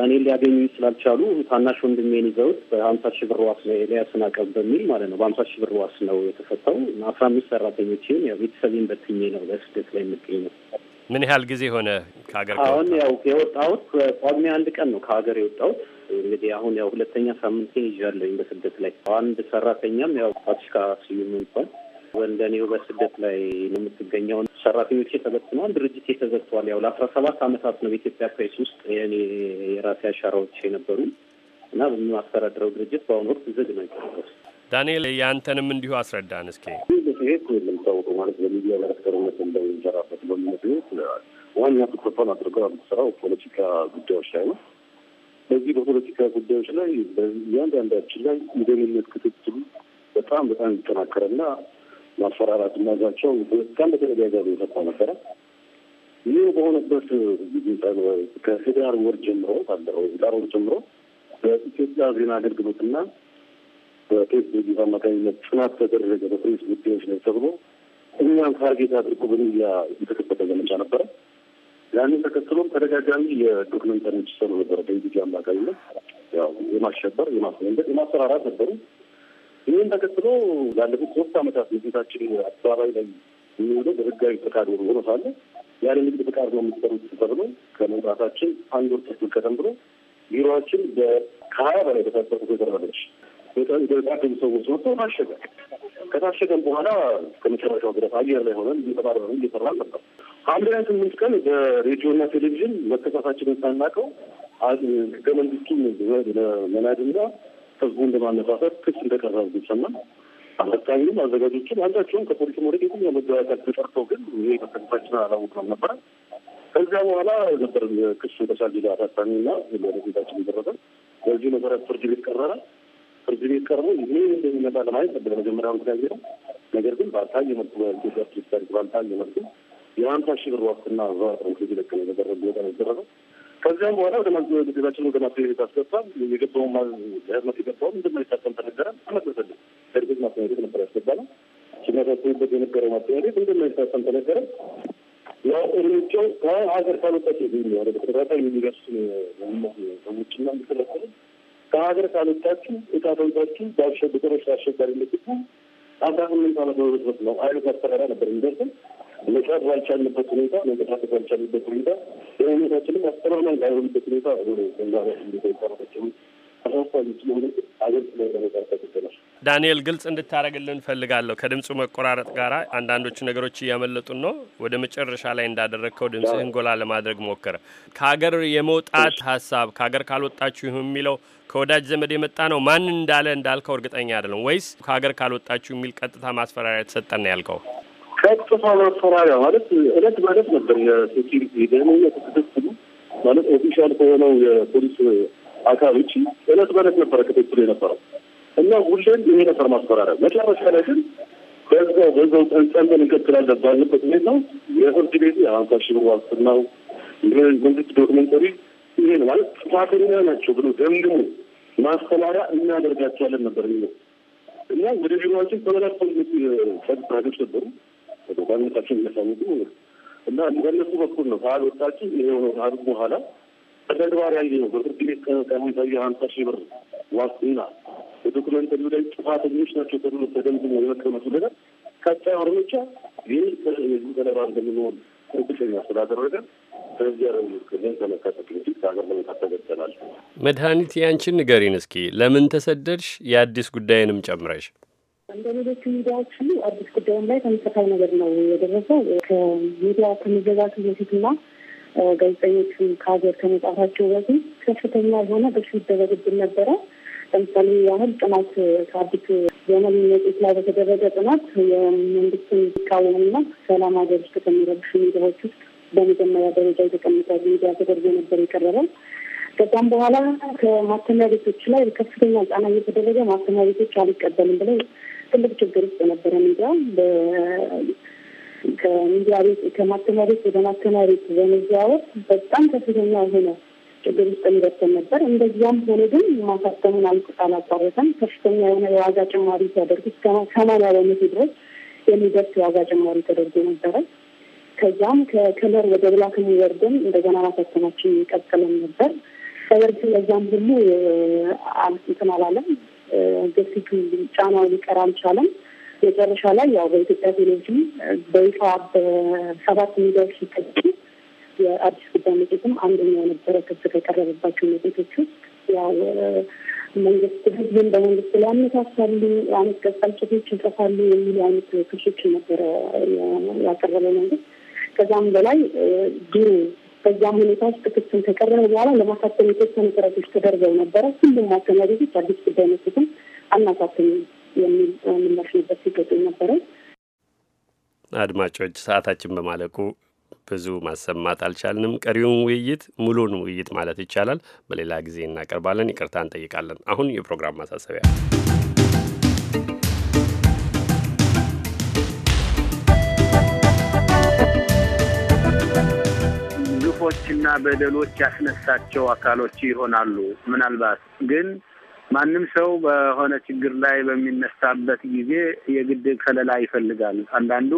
Speaker 12: እኔ ሊያገኙ ስላልቻሉ ታናሽ ወንድሜን ይዘውት በሀምሳ ሺህ ብር ዋስ ነው ኤልያስን አቀብ በሚል ማለት ነው። በሀምሳ ሺህ ብር ዋስ ነው የተፈታው። አስራ አምስት ሰራተኞችን ያው ቤተሰቤን በትኜ ነው በስደት ላይ የምገኘው።
Speaker 1: ምን ያህል ጊዜ ሆነ ከሀገር? አሁን
Speaker 12: ያው የወጣሁት ጳጉሜ አንድ ቀን ነው ከሀገር የወጣሁት። እንግዲህ አሁን ያው ሁለተኛ ሳምንቴን ይዣለሁኝ በስደት ላይ። አንድ ሰራተኛም ያው ፓትሽካ ስዩም ይባል ወንደኔው በስደት ላይ ነው የምትገኘውን ሰራተኞች ተበትነዋል። ድርጅት የተዘግተዋል። ያው ለአስራ ሰባት አመታት ነው በኢትዮጵያ ፕሬስ ውስጥ የኔ የራሴ አሻራዎች የነበሩ እና በማስተዳድረው ድርጅት በአሁኑ ወቅት ዝግ ነው የተነገሩ።
Speaker 1: ዳንኤል ያንተንም እንዲሁ አስረዳን እስኪ።
Speaker 12: ይሄት የምታወቁ ማለት በሚዲያ መረከርነት እንደሚንጀራበት በሚነት ዋና ትኩረቷን አድርገው የምትሰራው ፖለቲካ ጉዳዮች ላይ ነው። በዚህ በፖለቲካ ጉዳዮች ላይ እያንዳንዳችን ላይ የደህንነት ክትትሉ በጣም በጣም ይጠናከረና ማስፈራራት ናቸው። በጣም በተደጋጋሚ ተቋ ነበረ። ይህ በሆነበት ከህዳር ወር ጀምሮ ባለፈው ህዳር ወር ጀምሮ በኢትዮጵያ ዜና አገልግሎትና በፌስቡክ ድርጅት አማካኝነት ጥናት ተደረገ በፕሬስ ጉዳዮች ላይ ተብሎ እኛም ታርጌት አድርጎ በሚዲያ የተከፈተ ዘመቻ ነበረ። ያንን ተከትሎም ተደጋጋሚ የዶክመንተሪዎች ይሰሩ ነበረ በኢትዮጵያ አማካኝነት ያው የማሸበር የማስወንደድ የማስፈራራት ነበሩ። ይህን ተከትሎ ላለፉት ሶስት ዓመታት ንግታችን አደባባይ ላይ የሚውለው በህጋዊ ፈቃድ ሆኖ ሳለ ያለ ንግድ ፈቃድ ነው የምትሰሩት ተብሎ ከመውጣታችን አንድ ወር ተኩል ቀደም ብሎ ቢሮችን ከሀያ በላይ በታጠቁ ተደረበች። የታገዱ ሰዎች ወጥቶ ታሸገ። ከታሸገን በኋላ ከመጨረሻው ድረስ አየር ላይ ሆነን እየተባረሩ እየሰራ ነበር። ሐምሌ ላይ ስምንት ቀን በሬዲዮና ቴሌቪዥን መከሳታችንን ሳናቀው ህገ መንግስቱን መናድና ህዝቡን በማነሳሳት ክስ እንደቀረበ ይሰማል። ግን አዘጋጆችን አንዳቸውም ከፖሊስ ወደ የትኛው መገባባት ተጠርተው ግን ይሄ መሰልፋችን አላወቅነው ነበረ። ከዚያ በኋላ ነበር ክሱ በሳል ጊዜ አሳታሚ ና ለቤታችን ይደረገ በዚህ መሰረት ፍርድ ቤት ቀረረ። ፍርድ ቤት ቀርቦ ይሄ እንደሚመጣ ለማየት ነበር መጀመሪያ ምክንያት ነው። ነገር ግን በአልታየ መልኩ በኢትዮጵያ ፕሬስ ታሪክ ባልታየ መልኩ የሀምሳ ሺህ ብር ዋስትና ዛ ነው ለቀ የተደረገ ከዚያም በኋላ ወደ ቤታችን ወደ ማስ ታስገባል የገባውን ህትመት የገባውን ይታሰም ተነገረ። አመለሰለ እርግዝ ማስቤት ቤት ነበር ያስገባ ነው ሲመሳሰቡበት የነበረው ማስቤት ቤት ይታሰም ተነገረ። ያው እርምጃው ከሀገር ካልወጣች የሚሆነ በተከታታይ የሚደርሱ ሰዎችና የሚከለከሉ ከሀገር ካልወጣችሁ እጣ ተወጣችሁ በአሸ በጨረሻ አሸጋሪነት አስራ ስምንት አመት በበትበት ነው አይነት አስተዳዳ ነበር የሚደርስም መቅረት ባልቻልንበት ሁኔታ መንቀሳቀስ ባልቻልንበት ሁኔታ ደህንነታችንም አስተማማኝ ባይሆንበት ሁኔታ ሆኖ ዛሬ ሁኔታችን
Speaker 1: ዳንኤል ግልጽ እንድታደረግልን ፈልጋለሁ። ከድምፁ መቆራረጥ ጋር አንዳንዶቹ ነገሮች እያመለጡን ነው። ወደ መጨረሻ ላይ እንዳደረግከው ድምፅህን ጎላ ለማድረግ ሞከረ። ከሀገር የመውጣት ሀሳብ ከሀገር ካልወጣችሁ ይሁን የሚለው ከወዳጅ ዘመድ የመጣ ነው። ማን እንዳለ እንዳልከው እርግጠኛ አይደለም። ወይስ ከሀገር ካልወጣችሁ የሚል ቀጥታ ማስፈራሪያ የተሰጠን ያልከው?
Speaker 8: ቀጥታ
Speaker 12: ማፈራሪያ ማለት እለት በእለት ነበር። የሴኪሪቲ ደህንነት ክትትሉ ማለት ኦፊሻል ከሆነው የፖሊስ አካል ውጭ እለት ማለት ነበረ ክትትሉ የነበረው እና ሁሌም ይሄ ነበር ማስፈራሪያ። መጨረሻ ላይ ግን በዛው በዛው ጸንጸን እንቀጥላለን ባለበት ሁኔታ የፍርድ ቤት የአምሳ ሺህ ብር ዋስትናው መንግስት ዶክመንተሪ ይሄ ነው ማለት ጥፋተኛ ናቸው ብሎ ደምድሞ ማስተማሪያ እናደርጋቸዋለን ነበር የሚለው እና ወደ ቢሮችን ተመላክቶ ጸጥታ ሀገሮች ነበሩ ጋዜጣችን እያሳወቁ እና በነሱ በኩል ነው ከሀል ወጣችን ይሄ አሉ በኋላ በተግባር ያየ ነው። በፍርድ ቤት ከሚታየ የታየ ሀምሳ ሺህ ብር ዋስትና በዶክመንተሪ ላይ ጥፋተኞች ናቸው ተብሎ ተደምድሞ የመቀመጡ ነገር ቀጣዩ እርምጃ ይህ የዚህ ገለባ እንደሚኖር እርግጠኛ ስላደረገ
Speaker 1: መድኃኒት ያንቺን ንገሪን እስኪ ለምን ተሰደድሽ? የአዲስ ጉዳይንም ጨምረሽ
Speaker 13: እንደ ሌሎቹ ሚዲያዎች ሁሉ አዲስ ጉዳይም ላይ ተመሳሳይ ነገር ነው የደረሰው። ከሚዲያው ከመዘጋቱ በፊትና ጋዜጠኞቹ ከሀገር ከመጣታቸው በፊት ከፍተኛ የሆነ በሽ ይደረግብን ነበረ። ለምሳሌ ያህል ጥናት ከአዲስ ዘመን መጤት ላይ በተደረገ ጥናት የመንግስትን የሚቃወሙና ሰላም ሀገር ውስጥ ከሚረብሹ ሚዲያዎች ውስጥ በመጀመሪያ ደረጃ የተቀመጠ ሚዲያ ተደርጎ ነበር የቀረበው። ከዛም በኋላ ከማተሚያ ቤቶች ላይ ከፍተኛ ጫና እየተደረገ ማተሚያ ቤቶች አልቀበልም ብለው ትልቅ ችግር ውስጥ ነበረ ሚዲያ ከሚዲያ ቤት ከማተሚያ ቤት ወደ ማተሚያ ቤት በመዘዋወር በጣም ከፍተኛ የሆነ ችግር ውስጥ የሚደርሰን ነበር። እንደዚያም ሆነ ግን ማሳተሙን አላቋረጠም። ከፍተኛ የሆነ የዋጋ ጭማሪ ሲያደርጉ ሰማንያ በመቶ ድረስ የሚደርስ የዋጋ ጭማሪ ተደርጎ ነበረ። ከዚያም ከከለር ወደ ብላክ የሚወርድን እንደገና ማሳተማችን ይቀጥለን ነበር። ነገር ግን ለዚያም ሁሉ እንትን አላለም። ግፊቱ ጫናው ሊቀር አልቻለም። መጨረሻ ላይ ያው በኢትዮጵያ ቴሌቪዥን በይፋ በሰባት ሚዲያዎች ሲቀጭ የአዲስ ጉዳይ መጽሔትም አንደኛ የነበረ ክስ ከቀረበባቸው መጽሔቶች ውስጥ ያው መንግስት ህዝብን በመንግስት ላይ ያነሳሳሉ አነስቀጽ ጽሑፎች ይጽፋሉ የሚሉ አይነት ክሶችን ነበረ ያቀረበ መንግስት ከዛም በላይ ድሮ በዛም ሁኔታ ውስጥ ክስን ከቀረበ በኋላ ለማሳተም የተወሰኑ ጥረቶች ተደርገው ነበረ። ሁሉም ማተሚያ ቤቶች አዲስ ጉዳይ መስትም አናሳትም የሚል ምላሽ ነበር ሲገጡ ነበረ።
Speaker 1: አድማጮች ሰዓታችን በማለቁ ብዙ ማሰማት አልቻልንም። ቀሪውን ውይይት ሙሉን ውይይት ማለት ይቻላል በሌላ ጊዜ እናቀርባለን። ይቅርታ እንጠይቃለን። አሁን የፕሮግራም ማሳሰቢያ
Speaker 7: ግፎችና በደሎች ያስነሳቸው አካሎች ይሆናሉ። ምናልባት ግን ማንም ሰው በሆነ ችግር ላይ በሚነሳበት ጊዜ የግድ ከለላ ይፈልጋል። አንዳንዱ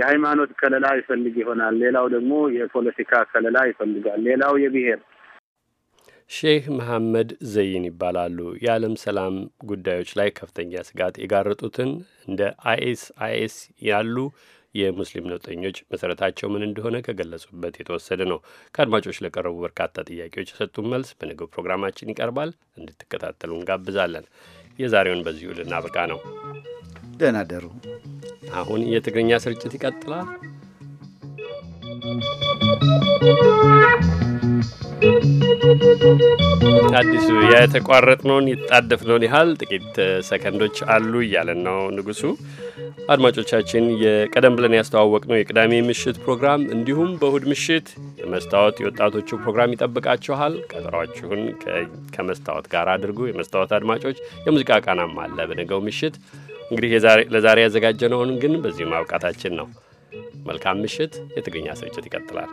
Speaker 7: የሃይማኖት ከለላ ይፈልግ ይሆናል። ሌላው ደግሞ የፖለቲካ ከለላ ይፈልጋል። ሌላው የብሔር
Speaker 1: ሼህ መሐመድ ዘይን ይባላሉ። የዓለም ሰላም ጉዳዮች ላይ ከፍተኛ ስጋት የጋረጡትን እንደ አይኤስ አይኤስ ያሉ የሙስሊም ነውጠኞች መሰረታቸው ምን እንደሆነ ከገለጹበት የተወሰደ ነው። ከአድማጮች ለቀረቡ በርካታ ጥያቄዎች የሰጡን መልስ በነገው ፕሮግራማችን ይቀርባል። እንድትከታተሉ እንጋብዛለን። የዛሬውን በዚሁ ልናበቃ ነው። ደህና ደሩ። አሁን የትግርኛ ስርጭት ይቀጥላል። አዲሱ የተቋረጥነውን የጣደፍነውን ያህል ጥቂት ሰከንዶች አሉ እያለን ነው ንጉሱ። አድማጮቻችን የቀደም ብለን ያስተዋወቅ ነው የቅዳሜ ምሽት ፕሮግራም እንዲሁም በእሁድ ምሽት የመስታወት የወጣቶቹ ፕሮግራም ይጠብቃችኋል። ቀጠሯችሁን ከመስታወት ጋር አድርጉ። የመስታወት አድማጮች የሙዚቃ ቃናም አለ በነገው ምሽት። እንግዲህ ለዛሬ ያዘጋጀነውን ግን በዚህ ማብቃታችን ነው። መልካም ምሽት። የትግርኛ ስርጭት ይቀጥላል።